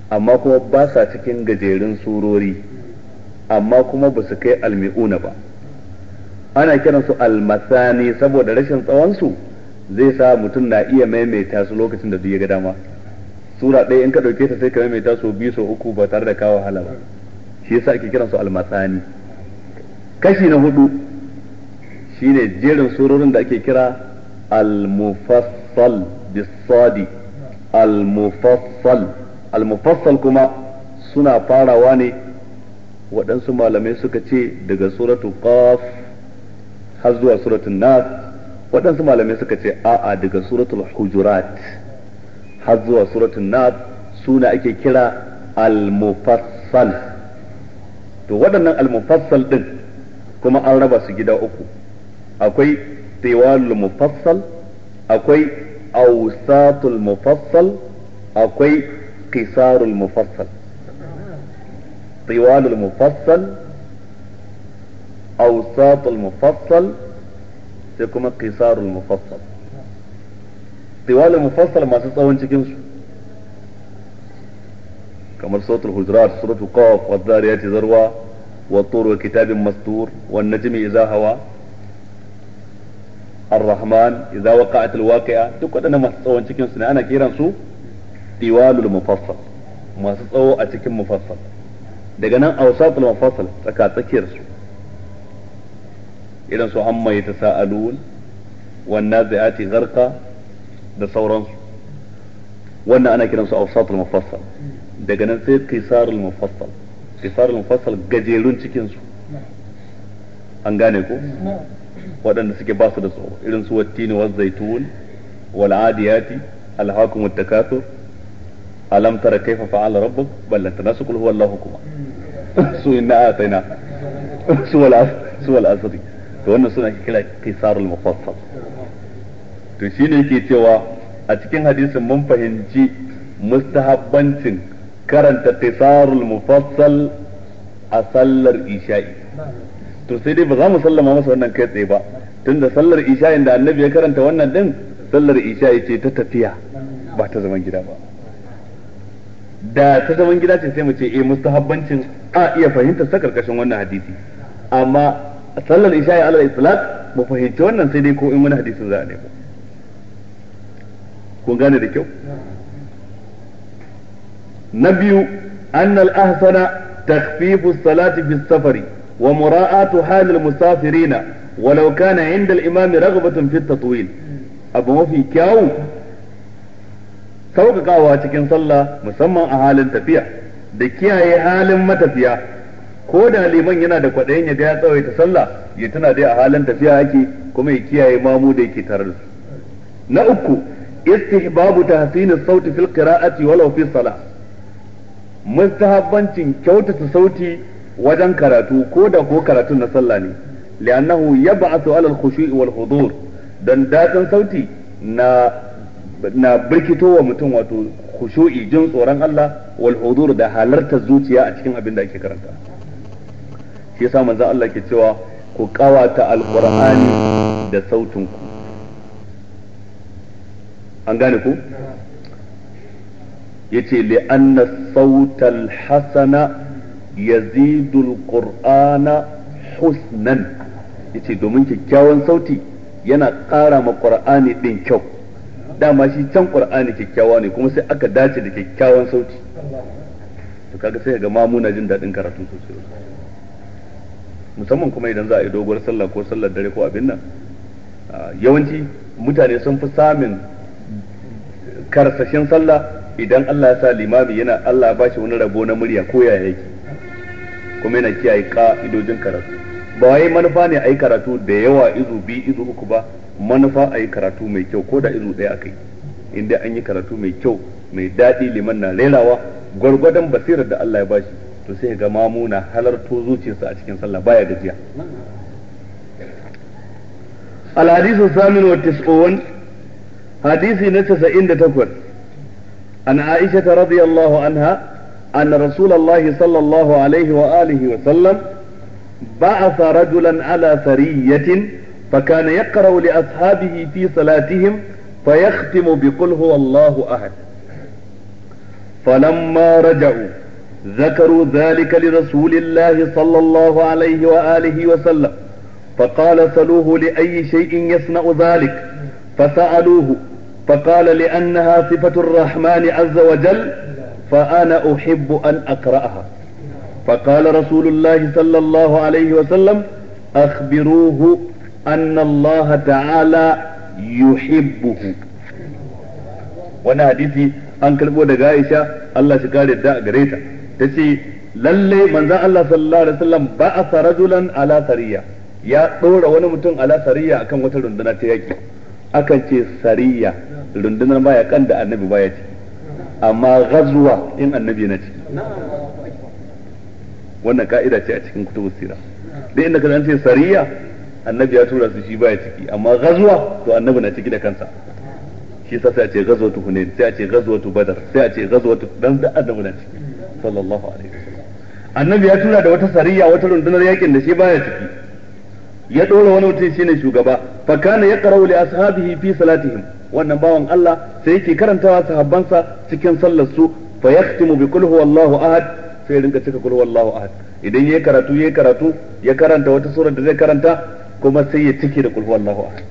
amma kuma ba sa cikin gajerun surori amma kuma ba su kai almi'una ba ana kiran su almasani saboda rashin tsawonsu zai sa mutum na iya maimaita su lokacin da duk ya ga dama sura ɗaya in ka ɗauke ta sai ka maimaita su biyu sau uku ba tare da kawo wahala ba shi yasa ake kiransu almatsani kashi na hudu shine jerin surorin da ake kira al-mufassal bisadi al-mufassal al-mufassal kuma suna farawa ne waɗansu malamai suka ce daga suratu qaf har zuwa suratul nas waɗansu malamai suka ce a'a daga suratul hujurat har zuwa suratul nas suna ake kira al-mufassal to waɗannan al-mufassal din kuma an raba su gida uku akwai tiwalul mufassal akwai awsatul mufassal akwai qisarul mufassal tiwalul mufassal awsatul mufassal sai kuma qisarul mufassal tiwalul mufassal masu tsawon cikin su kamar suratul hujurat suratul qaf wa zariyati zarwa wa tur wa kitabin mastur wan najmi idza hawa ar-rahman idza waqa'at al-waqi'a duk wadannan masu tsawon cikin su ne ana kiran su tiwalul mufassal masu tsawo a cikin mufassal daga nan awsatul mufasal tsaka tsakiyar su irin su amma yatasaalun da sauransu wannan ana kiransu awsatul mufassal daga nan sai qisarul mufassal qisarul mufassal gajerun cikin su an gane ko waɗanda suke ba su da tsoro irin su watini waz zaitun wal adiyati al-hakum at-takathur alam tara kaifa fa'ala rabbuk bal tanasukul huwa allah kuma su inna ataina su wal su wal asri to wannan suna kira qisarul mufassal to shine yake cewa a cikin hadisin mun fahimci mustahabbancin karanta tisarul mufassal a sallar isha'i to sai dai ba za mu sallama masa wannan kai tsaye ba tunda sallar isha'i da annabi ya karanta wannan din sallar isha'i ce ta tafiya ba ta zaman gida ba da ta zaman gida ce sai mu ce eh mustahabbancin a iya fahimtar sa karkashin wannan hadisi amma sallar isha'i alal itlaq mu fahimci wannan sai dai ko in wani hadisin za a nemo kun gane da kyau na biyu annal ahsana takhfifu salati fi safari wa mura'atu halil musafirina walau kana inda al-imam ragbatun fi tatwil abu mafi kyawu sauƙaƙawa cikin sallah musamman a halin tafiya da kiyaye halin matafiya ko da liman yana da kwaɗayin ya ga ya tsawaita sallah ya tuna dai a halin tafiya ake kuma ya kiyaye mamu da yake tarar na uku istihbabu tahsin as-sauti fil qira'ati walau fi salah mustahabbancin kyautata sauti wajen karatu ko da ko karatu na sallah ne li'annahu ya 'ala al-khushu' wal hudur dan dadin sauti na birkitowa mutum wato khushu'i jin tsoron Allah wal da halartar zuciya a cikin abin da ake karanta shi yasa manzon Allah ke cewa ku kawata alkur'ani da sautinku an gane ku yace li anna sautal hasana yazidul qur'ana husnan yace domin kyakkyawan sauti yana ƙara ma qur'ani din kyau dama shi can qur'ani kyakkyawa ne kuma sai aka dace da kyakkyawan sauti to kaga sai ga mamuna jin daɗin karatun sosai musamman kuma idan za a yi doguwar sallah ko sallar dare ko abin nan ah, yawanci mutane sun fi samun karsashin sallah idan Allah ya sa limami yana Allah ya bashi wani rabo na murya ko ya yake kuma yana kiyaye ka'idojin karatu ba wai manufa ne ayi karatu da yawa izu biyu izu uku ba manufa a yi karatu mai kyau ko da izu ɗaya akai inda an yi karatu mai kyau mai daɗi liman na rerawa gwargwadon basirar da Allah ya bashi to sai ga mamu na halarto zuciyarsa a cikin sallah baya gajiya الحديث الثامن والتسعون hadisi na 98 an Aisha radiyallahu anha أن رسول الله صلى الله عليه وآله وسلم بعث رجلا على سرية فكان يقرأ لأصحابه في صلاتهم فيختم بقل هو الله أحد فلما رجعوا ذكروا ذلك لرسول الله صلى الله عليه وآله وسلم فقال سلوه لأي شيء يصنع ذلك فسألوه فقال لأنها صفة الرحمن عز وجل فأنا أحب أن أقرأها فقال رسول الله صلى الله عليه وسلم أخبروه أن الله تعالى يحبه wani hadisi an karbo daga Aisha Allah shi kare da gare ta tace lalle manzon Allah sallallahu alaihi wasallam ba'atha rajulan ala sariya ya dora wani mutum ala sariya akan wata runduna ta yaki akan ce sariya rundunar mayakan da annabi baya ciki amma gazuwa in annabi na ciki wannan ka'ida ce a cikin kutubu sira duk inda kaza ce sariya annabi ya tura su shi baya ciki amma gazuwa to annabi na ciki da kansa shi sa sai a ce gazuwatu hunain sai a ce gazuwatu badar sai a ce gazuwatu dan da annabi na ciki sallallahu alaihi wasallam annabi ya tura da wata sariya wata rundunar yakin da shi baya ciki ya dora wani mutum shine shugaba fa kana yaqra'u li ashabihi fi salatihim wannan bawan Allah sai yake karantawa sahabbansa cikin sallar su fa yahtimu bi qul huwallahu ahad sai rinka cika qul huwallahu ahad idan yayi karatu yayi karatu ya karanta wata sura da zai karanta kuma sai ya cike da qul huwallahu ahad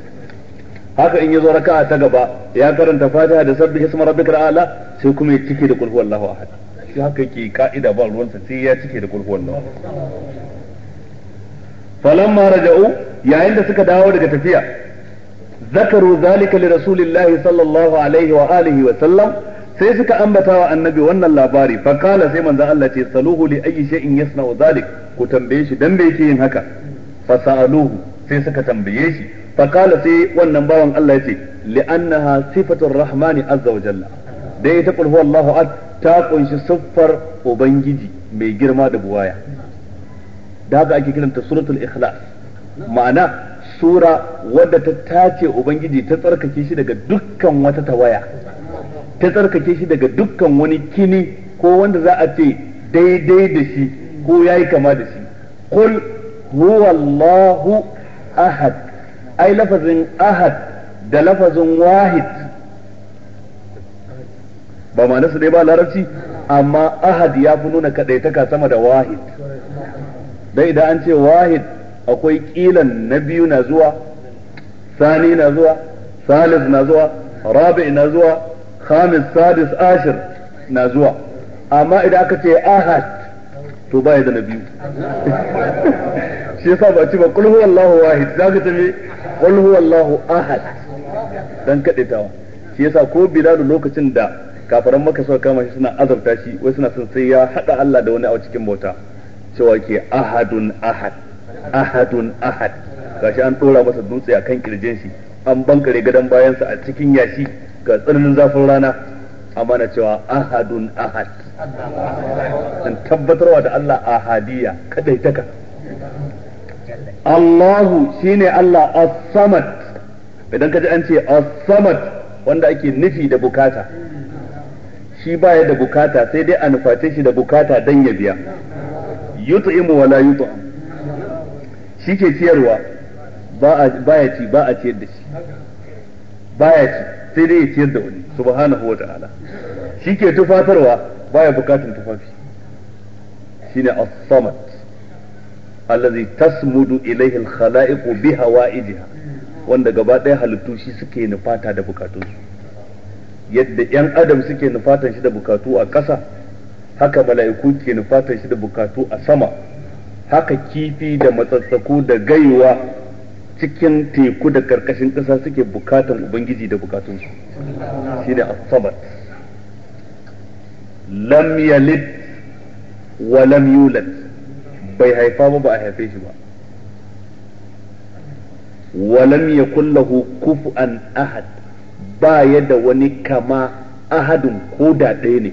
haka in yazo raka'a ta gaba ya karanta Fatiha da sabbi isma rabbikal a'la sai kuma ya cike da qul huwallahu ahad shi haka ke ka'ida ba ruwansa sai ya cike da qul huwallahu ahad falamma raja'u yayin da suka dawo daga tafiya zakaru zalika li rasulillahi sallallahu alaihi wa alihi wa sallam sai suka ambata wa annabi wannan labari fa kala sai manzo Allah ce saluhu li ayyi shay'in yasna'u zalik ku tambaye shi dan me yake yin haka fa sa'aluhu sai suka tambaye shi fa kala sai wannan bawan Allah ce li annaha sifatur rahmani azza wa jalla dai ita qul huwallahu ta kunshi siffar ubangiji mai girma da buwaya da haka ake kiranta suratul ikhlas ma'ana sura wadda ta tace ubangiji ta tsarkake shi daga dukkan wata tawaya ta tsarkake shi daga dukkan wani kini ko wanda za a ce daidai da shi ko yayi kama da shi qul huwallahu ahad ai lafazin ahad da lafazin wahid ba ma su dai ba larabci amma ahad ya fi nuna kadaitaka sama da wahid dai idan an ce wahid akwai kilan na biyu na zuwa sani na zuwa salis na zuwa rabi na zuwa khamis sadis ashir na zuwa amma idan aka ce ahad to ba ya da na biyu shi yasa ba ci ba qul wallahu wahid zaka ce me qul wallahu ahad dan kade tawa shi yasa ko bilalu lokacin da kafaran maka suka kama shi suna azabta shi wai suna son sai ya hada Allah da wani a cikin bauta cewa ke ahadun ahad ahadun ahad gashi an dora masa dutse kan kirjin shi an bankare gadon bayansa a cikin yashi ga tsananin zafin rana amma na cewa ahadun ahad an tabbatarwa da Allah ahadiya kadai taka Allahu shine Allah as-samad idan kaji an ce as-samad wanda ake nufi da bukata shi baya da bukata sai dai a nuface shi da bukata dan ya biya yut'imu wa la yut'am shi ke ciyarwa ba ya ci ba a ciyar da shi ba ya ci sai dai ya ciyar da wani subhanahu wa ta'ala shi ke tufatarwa ba ya bukatun tufafi shine as-samad allazi tasmudu ilayhi al-khala'iqu bi hawa'ijiha wanda gaba ɗaya halittu shi suke nufata da bukatunsu yadda 'yan adam suke nufatan shi da bukatu a ƙasa haka mala'iku ke nufatar shi da bukatu a sama haka kifi da matsatsaku da gaiwa cikin teku da karkashin ƙasa suke bukatan ubangiji da su shi ne lam yalid wa lam yulad bai haifa ba ba a haife shi ba wa lam yakul lahu kufuwan ahad ba ya da wani kama ahadun da ɗaya ne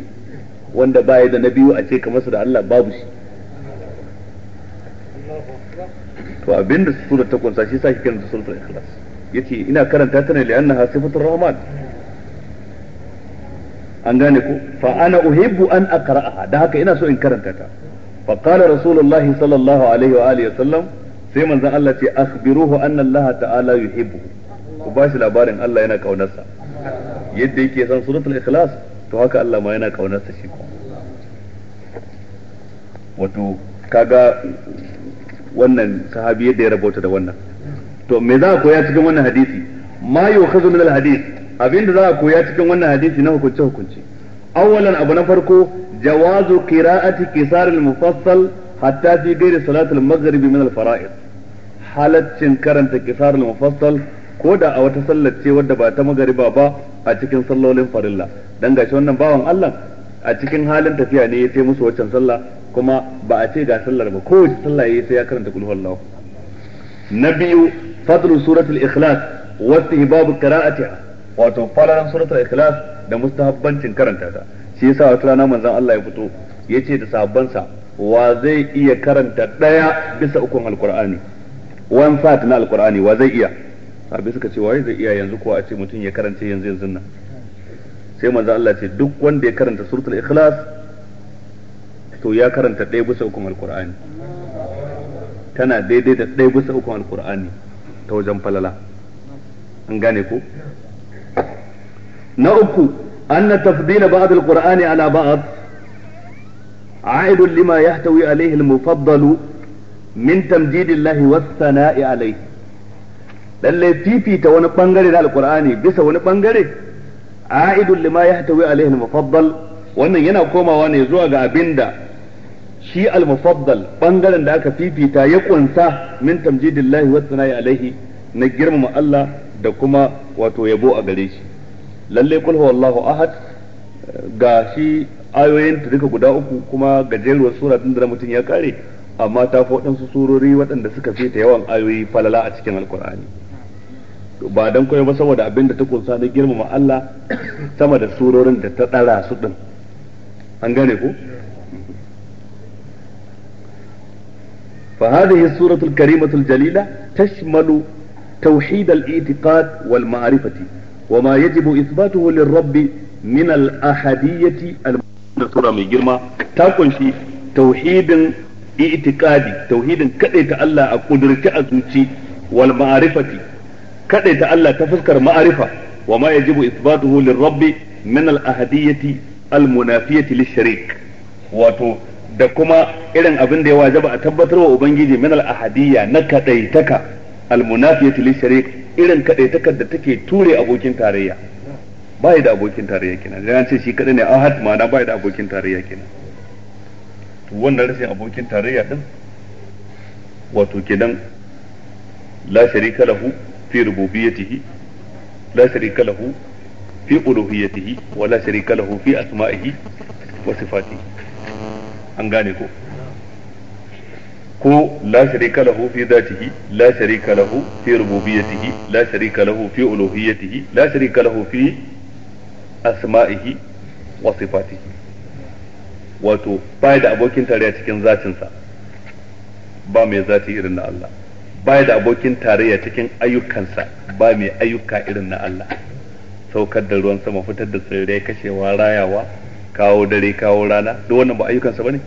wanda baya da na biyu a ce kamar su da Allah babu shi to abin da sura ta kunsa shi sa shi kiran suratul ikhlas yace ina karanta ta ne li annaha sifatur rahman an gane ko fa ana uhibbu an aqra'aha da haka ina so in karanta ta fa qala rasulullah sallallahu alaihi wa alihi wasallam sai manzon Allah ce akhbiruhu anna Allah ta'ala yuhibbu ku bashi labarin Allah yana kaunarsa yadda yake son suratul ikhlas to haka Allah ma yana kaunarsa shi wato kaga wannan sahabi yadda ya rabota da wannan to me za a koya cikin wannan hadisi ma yukhadhu min al-hadith abinda za a koya cikin wannan hadisi na hukunce hukunce awwalan abu na farko jawazu qira'ati qisar al-mufassal hatta fi ghairi salat al-maghrib min al-fara'id halaccin karanta qisar al-mufassal ko da a wata sallar ce wadda ba ta magariba ba a cikin sallolin farilla dan gashi wannan bawan Allah a cikin halin tafiya ne ya sai musu waccan sallah kuma ba a ce ga sallar ba kowace sallah yayi sai ya karanta kulhu Allah na biyu fadlu suratul ikhlas wa istihbab qira'atiha wato falalan suratul ikhlas da mustahabbancin karanta ta shi yasa wata rana manzon Allah ya fito yace da sahabbansa wa zai iya karanta daya bisa ukun alqur'ani wan part na alqur'ani wa zai iya sahabbai suka ce waye zai iya yanzu ko a ce mutum ya karanta yanzu yanzu nan sai manzo Allah ce duk wanda ya karanta suratul ikhlas to ya karanta ɗaya bisa ukun alqur'ani tana daidai da ɗaya bisa ukun alqur'ani ta wajen falala an gane ko na uku anna tafdila ba'd alqur'ani ala ba'd عائد لما يحتوي عليه المفضل من تمجيد الله والثناء عليه lallai fifita wani bangare na alkur'ani bisa wani bangare a'idun lima yahtawi alaihi al-mufaddal wannan yana komawa ne zuwa ga abinda shi al-mufaddal bangaren da aka fifita ya kunsa min tamjidillahi wa sana'i alaihi na girmama Allah da kuma wato yabo a gare shi lalle kul huwallahu ahad ga shi ayoyin ta duka guda uku kuma gajeruwar sura din da mutum ya kare amma ta fi waɗansu surori waɗanda suka fita yawan ayoyi falala a cikin alkur'ani ba dan koyo ba saboda abin ta kunsa na girmama Allah sama da surorin da ta dara su din gane ko fa hadhihi suratu al-karimatu al-jalila tashmalu tawhid al-i'tiqad wa ma yajibu ithbatuhu lirabb min al-ahadiyyati al-sura mai girma ta kunshi tauhidin itikadi tauhidin ta Allah a kudurci a zuci wal ma'rifati ta Allah ta fuskar ma'arifa wa ma yajibu isbatuhu lirabbi min al-ahadiyyati al-munafiyati lish-sharik wato da kuma irin abin da ya wajaba a tabbatar wa ubangiji min al-ahadiyya na kadaitaka al-munafiyati lish irin kadaitakar da take ture abokin tarayya ba da abokin tarayya kenan da ce shi kadai ne ahad ma'ana ba da abokin tarayya kenan to wannan rashin abokin tarayya din wato kenan la sharika lahu fi rububiyyatihi la sharika lahu fi uluhiyyatihi wa la sharika fi asma'ihi wa an gane ko ko la fi dhatihi la sharika lahu fi rububiyyatihi la sharika lahu fi uluhiyyatihi la sharika lahu fi asma'ihi wa wato bai da abokin a cikin zacinsa ba mai zati irin na Allah baya da abokin tarayya cikin ayyukansa ba mai ayyuka irin na Allah saukar da ruwan sama fitar da tsirrai kashewa rayawa kawo dare kawo rana duk wannan ba ayyukansa bane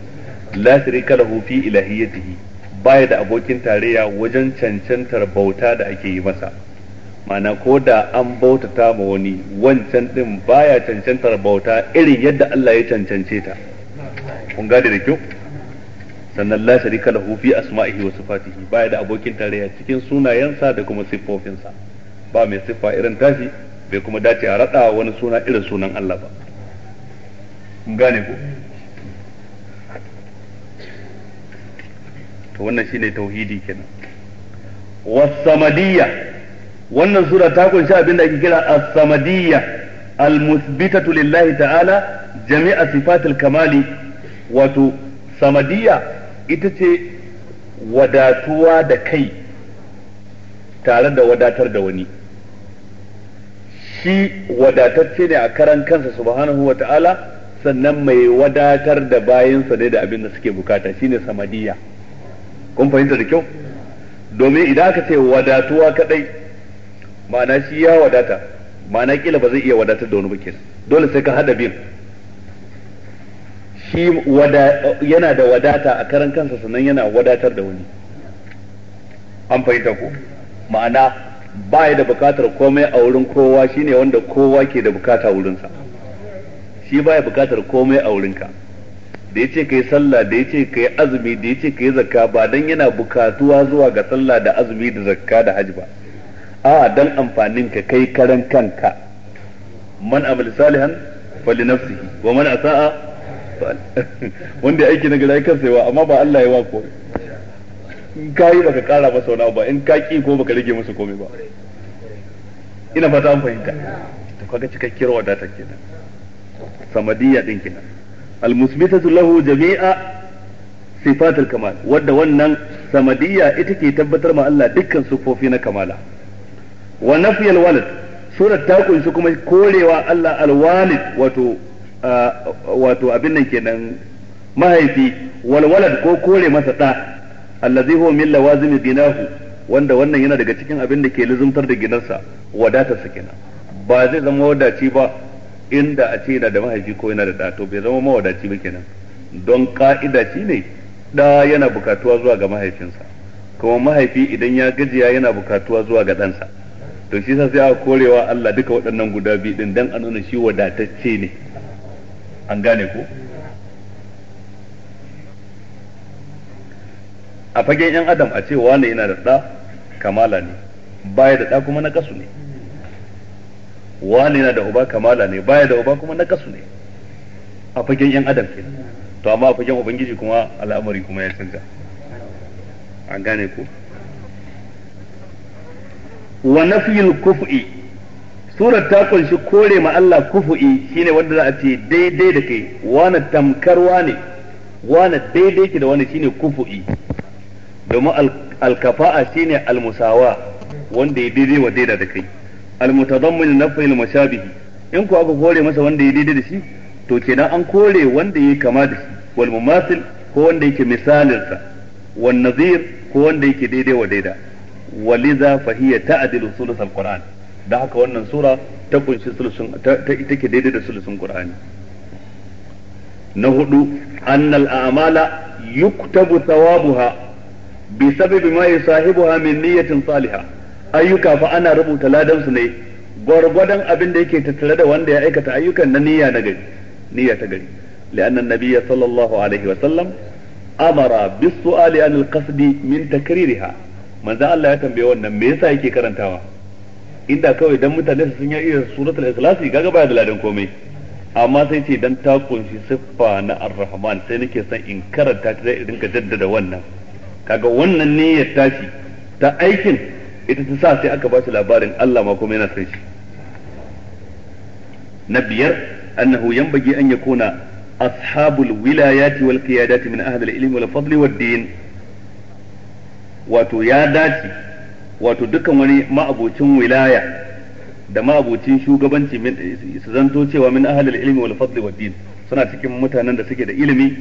la sharika lahu fi ilahiyyatihi baya da abokin tarayya wajen cancantar bauta da ake yi masa ma'ana ko da an bautata ma wani wancan din baya cancantar bauta irin yadda Allah ya cancance ta kun gane da kyau sannan la sharika lahu fi asma'ihi wa sifatihi baya da abokin tarayya cikin sunayensa da kuma siffofinsa ba mai siffa irin tashi bai kuma dace a rada wani suna irin sunan Allah ba gane ku? to wannan shine tauhidi kenan wasamadiyya wannan sura ta kunshi abin da ake kira as-samadiyya al-musbitatu lillahi ta'ala jami'a sifatil kamali wato samadiyya ita ce wadatuwa da kai tare da wadatar da wani shi wadatacce ne a karan kansa subhanahu wa ta'ala sannan mai wadatar da bayansa ne da abin da suke bukata shine samadiyya kun fahimta da kyau domin idan aka ce wadatuwa kadai ma'ana shi ya wadata ma'ana kila ba zai iya wadatar da wani ba kenan dole sai ka hada biyu shi yana da wadata a karan kansa sannan yana wadatar da wani an fahimta ko ma'ana ba ya da bukatar komai a wurin kowa shine wanda kowa ke da bukata wurinsa shi ba ya bukatar komai a wurinka da ya ce ka yi sallah da ya ce ka yi azumi da ya ce ka yi zakka ba dan yana bukatuwa zuwa ga sallah da azumi da zakka da hajji ba a dan amfanin ka kai karan kanka man amal salihan fali nafsihi wa man asa'a yaf'al wanda aiki na gari kansa yawa amma ba Allah yawa ko in ka yi baka kara masa wani ba in ka ki ko baka rage masa komai ba ina fata an fahimta to kaga cikakkiyar wadata kenan samadiyya din kenan almusmitatu lahu jami'a sifatul kamal wadda wannan samadiyya ita ke tabbatar ma Allah dukkan sufofi na kamala wa nafiyal walad sura ta kunshi kuma korewa Allah alwalid wato wato abin nan kenan mahaifi walwalad ko kore masa da allazi huwa min lawazimi binahu wanda wannan yana daga cikin abin da ke luzumtar da ginarsa wadata sa kenan ba zai zama wadaci ba inda a ce yana da mahaifi ko yana da da to bai zama mawadaci ba kenan don ka'ida shine da yana bukatuwa zuwa ga mahaifinsa kuma mahaifi idan ya gajiya yana bukatuwa zuwa ga ɗansa to shi sa sai aka korewa Allah duka waɗannan guda biyu din dan a nuna shi wadatacce ne an gane ko a fagen yan adam a ce wane yana da ɗa kamala ne baya da ɗa kuma na kasu ne wane yana da uba kamala ne baya da uba kuma na kasu ne a fagen yan adam ke to amma a fagen ubangiji kuma al'amari kuma ya canza an gane ko wa nafiyul kuf'i surar ta kunshi kore ma Allah kufu'i shine wanda za a ce daidai da kai wani tamkar wani wani daidai ki da wani shine kufu'i domin alkafa'a shine almusawa wanda ya daidai wa daida da kai almutadammin nafi almashabihi in ku aka kore masa wanda ya daidai da shi to kenan an kore wanda ya kama da shi wal mumasil ko wanda yake misalinsa wan nazir ko wanda yake daidai wa daida waliza fahiya ta'dilu sulus alquran da haka wannan sura ta kunshi sulusun ta take daidai da sulusun qur'ani na hudu annal a'mala yuktabu thawabuha bi sababi ma yusahibuha min niyyatin salihah ayyuka fa ana rubuta ladan su ne gwargwadon abin da yake tattare da wanda ya aikata ayyukan na niyya na gari niyya ta gari لأن النبي صلى الله عليه وسلم أمر بالسؤال عن القصد من تكريرها من Allah ya يتنبيه wannan me yasa yake karantawa inda kawai dan mutane sun yi iya suratul ikhlasi kaga baya da ladan komai amma sai ce dan ta kunshi siffa na arrahman sai nake san in karanta ta zai dinka jaddada wannan kaga wannan ne ya tashi ta aikin ita ta sa sai aka ba shi labarin Allah ma kuma yana san shi na biyar annahu yanbagi an yakuna ashabul wilayati wal qiyadati min ahli al-ilm wal fadli wad din wato ya dace wato dukkan wani ma'abocin wilaya da ma'abocin shugabanci su zanto cewa min ahalil ilmi wal fadli wad din suna cikin mutanen da suke da ilimi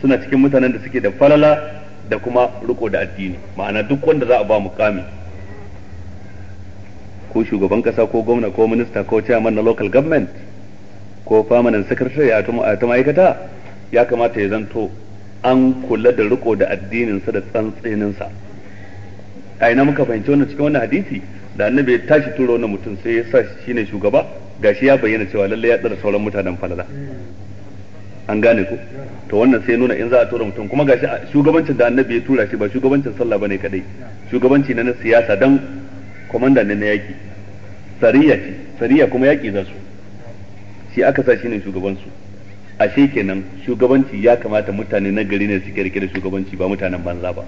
suna cikin mutanen da suke da falala da kuma riko da addini ma'ana duk wanda za a ba mukami ko shugaban kasa ko gwamna ko minista ko chairman na local government ko permanent secretary a ta ma'aikata ya kamata ya zanto an kula da riko da addininsa da tsantseninsa a ina muka fahimci wannan cikin wannan hadisi da annabi ya tashi tura wannan mutum sai ya sa shi ne shugaba gashi ya bayyana cewa lalle ya tsara sauran mutanen falala an gane ku. to wannan sai nuna in za a tura mutum kuma gashi shugabancin da annabi ya tura shi ba shugabancin sallah bane kadai shugabanci na na siyasa dan komanda ne na yaki sariya ce sariya kuma yaki za su shi aka sa ne shugaban su ashe kenan shugabanci ya kamata mutane na gari ne su rike da shugabanci ba mutanen banza ba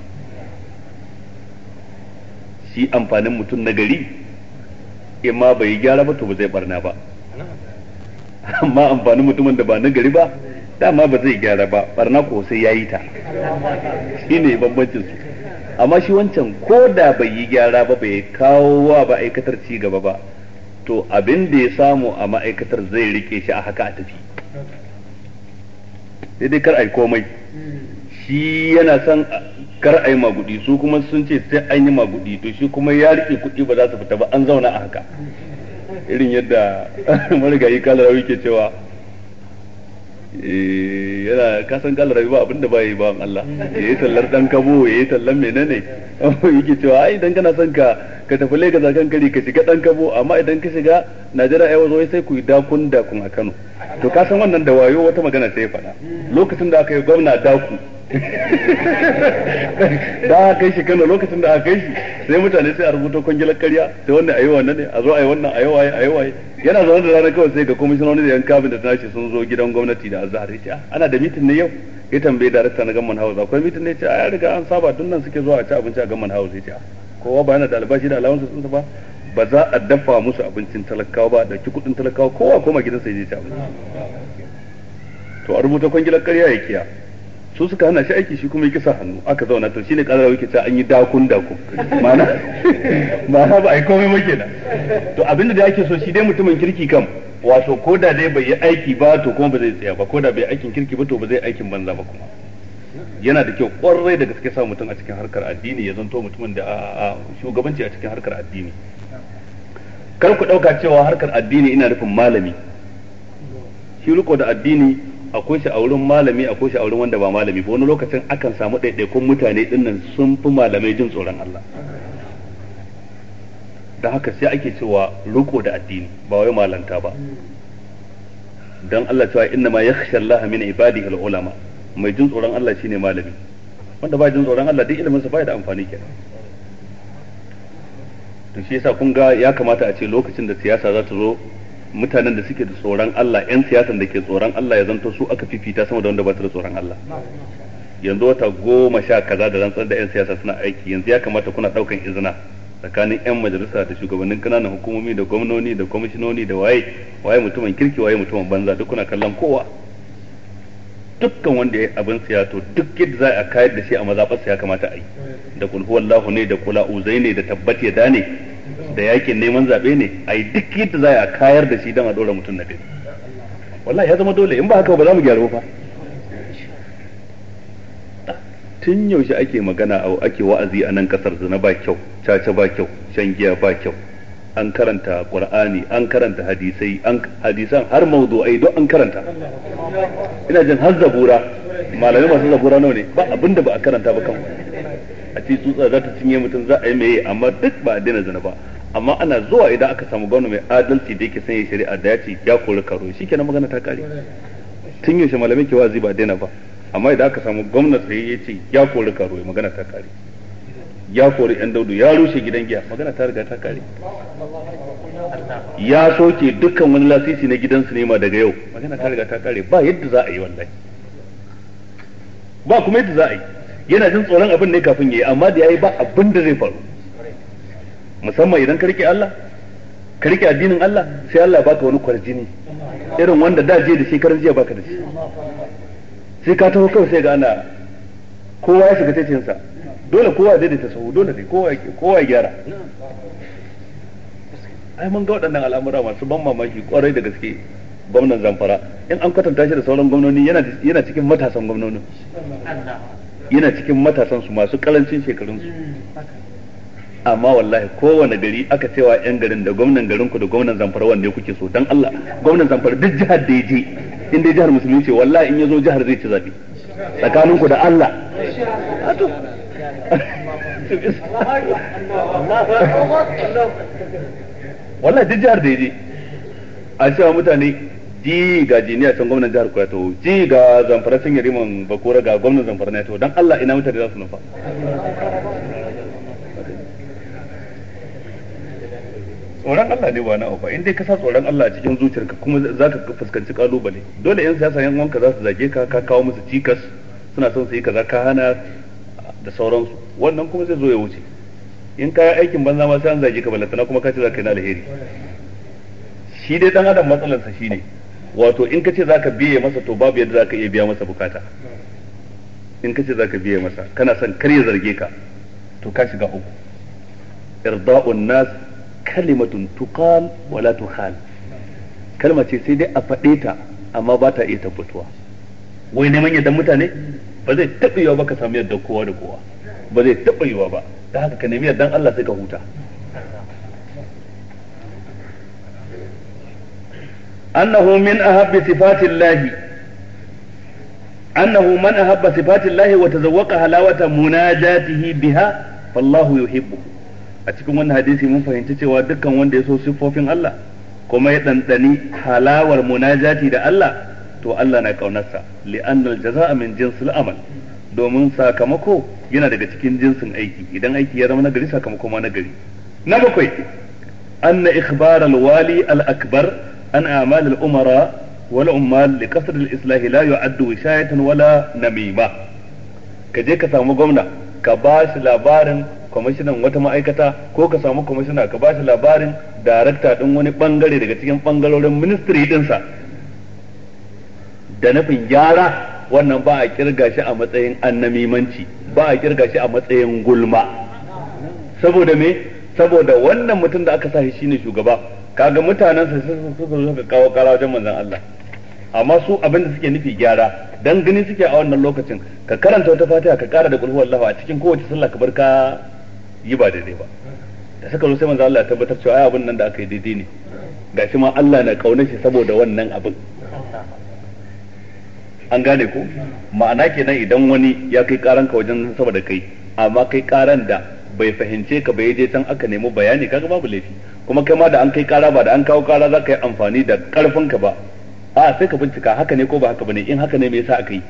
shi amfanin mutum na gari imma ma yi gyara ba to ba zai barna ba amma amfanin mutumin da ba na gari ba dama ba zai gyara ba barna ko sai ya yi ta shine bambancin su amma shi wancan ko da bai yi gyara ba bai kawo wa ma'aikatar ci gaba ba to abin da ya samu a ma'aikatar zai rike shi a haka a tafi sai dai kar ai komai shi yana son kar a yi magudi su kuma sun ce sai an yi magudi to shi kuma ya rike kuɗi ba za su fita ba an zauna a haka irin yadda marigayi kalarawi ke cewa eh, yana kasan kalarawi ba abinda ba yi ba an Allah ya yi tallar dan kabo ya yi tallar menene yake cewa ai idan kana son ka ka tafi Lagos a kan kari ka shiga dan kabo amma idan ka shiga Najeriya ya wazo sai ku yi dakun dakun a Kano to kasan wannan da wayo wata magana sai ya faɗa lokacin da aka yi gwamna daku da aka kai shi kano lokacin da aka kai shi sai mutane sai a rubuta kwangilar karya sai wannan ayi wannan ne a zo ayi wannan ayi waye ayi waye yana zaune da ranar kawai sai ga kwamishinoni da yan kabin da tashi sun zo gidan gwamnati da azhar ya ce ah, ana da mitin ne yau ya tambaye darakta na gamman house akwai mitin ne ya ce a ah, ya riga an saba tun nan suke zuwa a ci abinci a gamman house ya ce ah, kowa ba yana da albashi da alawansa sun ba ba za a dafa musu abincin talakawa ba dauki kudin talakawa kowa koma gidansa ya je ci abinci to a rubuta kwangilar karya ya kiya su suka hana shi aiki shi kuma yake sa hannu aka zauna to shine karar yake ta an yi dakun dakun ma'ana ma'ana ba ai komai ba da to abinda da ake so shi dai mutumin kirki kam wato ko da dai bai yi aiki ba to kuma ba zai tsaya ba ko da bai aikin kirki ba to ba zai aikin banza ba kuma yana da kyau kwarai da gaske sa mutum a cikin harkar addini ya zanto mutumin da a shugabanci a cikin harkar addini kar ku dauka cewa harkar addini ina nufin malami shi riko da addini akwai shi a wurin malami akwai shi a wurin wanda ba malami ba wani lokacin akan samu ɗaiɗaikun mutane dinnan sun fi malamai jin tsoron Allah da haka sai ake cewa ruko da addini ba wai malanta ba dan Allah cewa inna ma yakhsha Allah min ibadihi ulama mai jin tsoron Allah shine malami wanda ba jin tsoron Allah duk ilimin sa bai da amfani kenan to shi yasa kun ga ya kamata a ce lokacin da siyasa za ta zo mutanen da suke da tsoron Allah yan siyasan da ke tsoron Allah ya zanto su aka fifita sama da wanda ba su da tsoron Allah yanzu wata goma sha kaza da rantsar da yan siyasa suna aiki yanzu ya kamata kuna daukan izina tsakanin yan majalisa da shugabannin kananan hukumomi da gwamnoni da kwamishinoni da waye waye mutumin kirki waye mutumin banza duk kuna kallon kowa dukkan wanda ya abin siya to duk yadda za a kayar da shi a mazaɓarsa ya kamata a yi da kul ne da kula uzai ne da tabbat ya dane da yakin neman zaɓe ne a yi duk yadda za a kayar da shi don a ɗora mutum na ɗin wallahi ya zama dole in ba haka ba za mu gyaru fa tun yaushe ake magana a ake wa'azi a nan kasar zina ba kyau caca ba kyau shan giya ba kyau an karanta qur'ani an karanta hadisai an hadisan har mawdu'ai duk an karanta ina jin har zabura malamai masu zabura nawa ne ba abinda ba a karanta ba kan a cikin tsutsa za ta cinye mutum za a yi mai amma duk ba a daina zina ba amma ana zuwa idan aka samu gwamna mai adalci da yake sanya shari'a da ya ce ya kori karo shi kenan magana ta kare tun yaushe malamai ke wazi ba daina ba amma idan aka samu gwamna sai ya ce ya kori karo magana ta kare ya kori yan daudu ya rushe gidan giya magana ta riga ta kare ya soke dukkan wani lasisi na gidan sinima daga yau magana ta riga ta kare ba yadda za a yi wallahi ba kuma yadda za a yi yana jin tsoron abin ne kafin yayi amma da yayi ba abin da zai faru musamman idan ka rike Allah ka rike addinin Allah sai Allah baka wani kwarjini irin wanda da je da shekaran jiya baka da shi sai ka taho kawai sai ga ana kowa ya shiga cikin sa dole kowa ya daidaita sahu dole dai kowa ya kowa ya gyara ai mun ga waɗannan al'amura masu ban mamaki kwarai da gaske gwamnan zamfara in an kwatanta shi da sauran gwamnoni yana cikin matasan gwamnonin yana cikin matasan su masu karancin shekarun su amma wallahi kowane gari aka cewa yan garin da gwamnan garin ku da gwamnan zamfara wanda kuke so dan Allah gwamnan zamfara duk jihar da ya je in dai jihar musulmi ce wallahi in ya zo jihar zai ci zabi tsakanin ku da Allah wallahi duk jihar da ya je a cewa mutane ji ga jiniya can gwamnan jihar Kwara ji ga zamfara sun yari man bakora ga gwamnan zamfara na to don Allah ina mutane za su nufa tsoron Allah ne ba na ofa in dai ka sa tsoron Allah a cikin zuciyarka kuma za ka fuskanci kalubale dole yan siyasa yan wanka za su zage ka ka kawo musu cikas suna son su yi kaza ka hana da sauransu wannan kuma zai zo ya wuce in ka aikin banza ma sai an zage ka balantana kuma ka ce za ka yi na alheri shi dai dan adam matsalarsa shine wato in ka ce za ka biye masa to babu yadda zaka iya biya masa bukata in ka ce za ka biye masa kana son kar ya zarge ka to ka shiga uku irda'un nas kalimatun tuqal wala tuhal kalma ce sai dai a faɗe ta amma ba ta iya tabbatuwa wai neman yadda mutane ba zai taɓa yiwa ba ka samu yadda kowa da kowa ba zai taɓa yiwa ba da haka ka nemi yadda Allah sai ka huta annahu min ahabbi sifatillahi annahu man ahabba sifatillahi wa tazawwaqa halawata munajatihi biha fallahu yuhibbu a cikin wannan hadisi mun fahimci cewa dukkan wanda ya so siffofin Allah kuma ya dandani halawar munajati da Allah to Allah na kaunarsa li'annal jazaa min jinsil amal domin sakamako yana daga cikin jinsin aiki idan aiki ya zama nagari sakamako ma nagari na bakwai anna ikhbar al-wali al-akbar an amal al-umara wal ummal li qasr al-islah la yu'addu wishayatan wala namima ka je ka samu gwamna ka ba shi labarin kwamishinan wata ma'aikata ko ka samu kwamishina ka ba shi labarin darakta din wani bangare daga cikin bangarorin ministry dinsa da nufin gyara wannan ba a kirga shi a matsayin annamimanci ba a kirga shi a matsayin gulma saboda me saboda wannan mutum da aka sa shi ne shugaba kaga mutanen sa suka zo ka kawo kara wajen manzon Allah amma su abin da suke nufi gyara dan gani suke a wannan lokacin ka karanta wata fatiha ka kara da kulhu wallahu a cikin kowace sallah ka bar ka yi ba daidai ba da suka zo sai manzon Allah ya tabbatar cewa ai abin nan da aka yi daidai ne gashi ma Allah na kaunar shi saboda wannan abin an gane ko ma'ana kenan idan wani ya kai karan ka wajen saboda kai amma kai karan da bai fahimce ka bai je can aka nemi bayani kaga babu laifi kuma kai ma da an kai kara ba da an kawo kara za ka yi amfani da karfinka ba a sai ka bincika haka ne ko ba haka ba ne in haka ne me yasa aka yi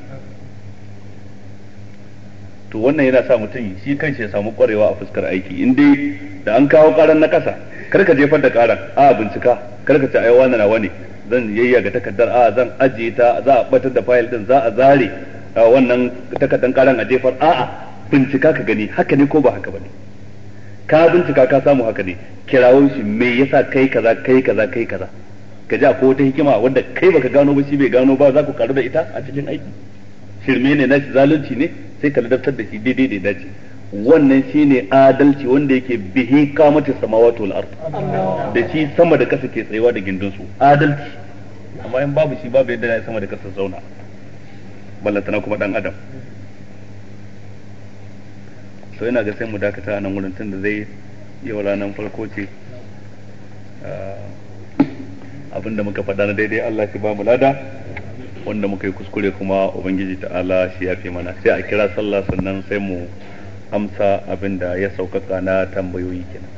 to wannan yana sa mutum shi kanshi ya samu kwarewa a fuskar aiki in dai da an kawo karan na kasa kar ka jefar da karan a bincika kar ka ce ai wannan nawa ne zan yayya ga a zan ajiye ta za a batar da fayil din za a zare wannan takardar karan a jefar a'a bincika ka gani haka ne ko ba haka ba ne. ka bincika ka samu haka ne kirawo shi me yasa kai kaza kai kaza kai kaza ka ji akwai wata hikima wanda kai baka gano ba shi bai gano ba za ku karu da ita a cikin aiki shirme ne nashi zalunci ne sai ka ladabtar da shi daidai da dace wannan shi ne adalci wanda yake bihi kamata samawa wal ard da shi sama da kasa ke tsayawa da gindin su adalci amma in babu shi babu yadda ya sama da kasa zauna ballantana kuma dan adam so ina ga sai mu dakata a nan wurin tun da zai yau ranar farko ce ah, abinda muka faɗa na daidai Allah shi ba mu lada wanda muka yi kuskure kuma ubangiji ta'ala shi ya fi mana sai a kira sallah sannan sai mu amsa da ya saukaka na tambayoyi kenan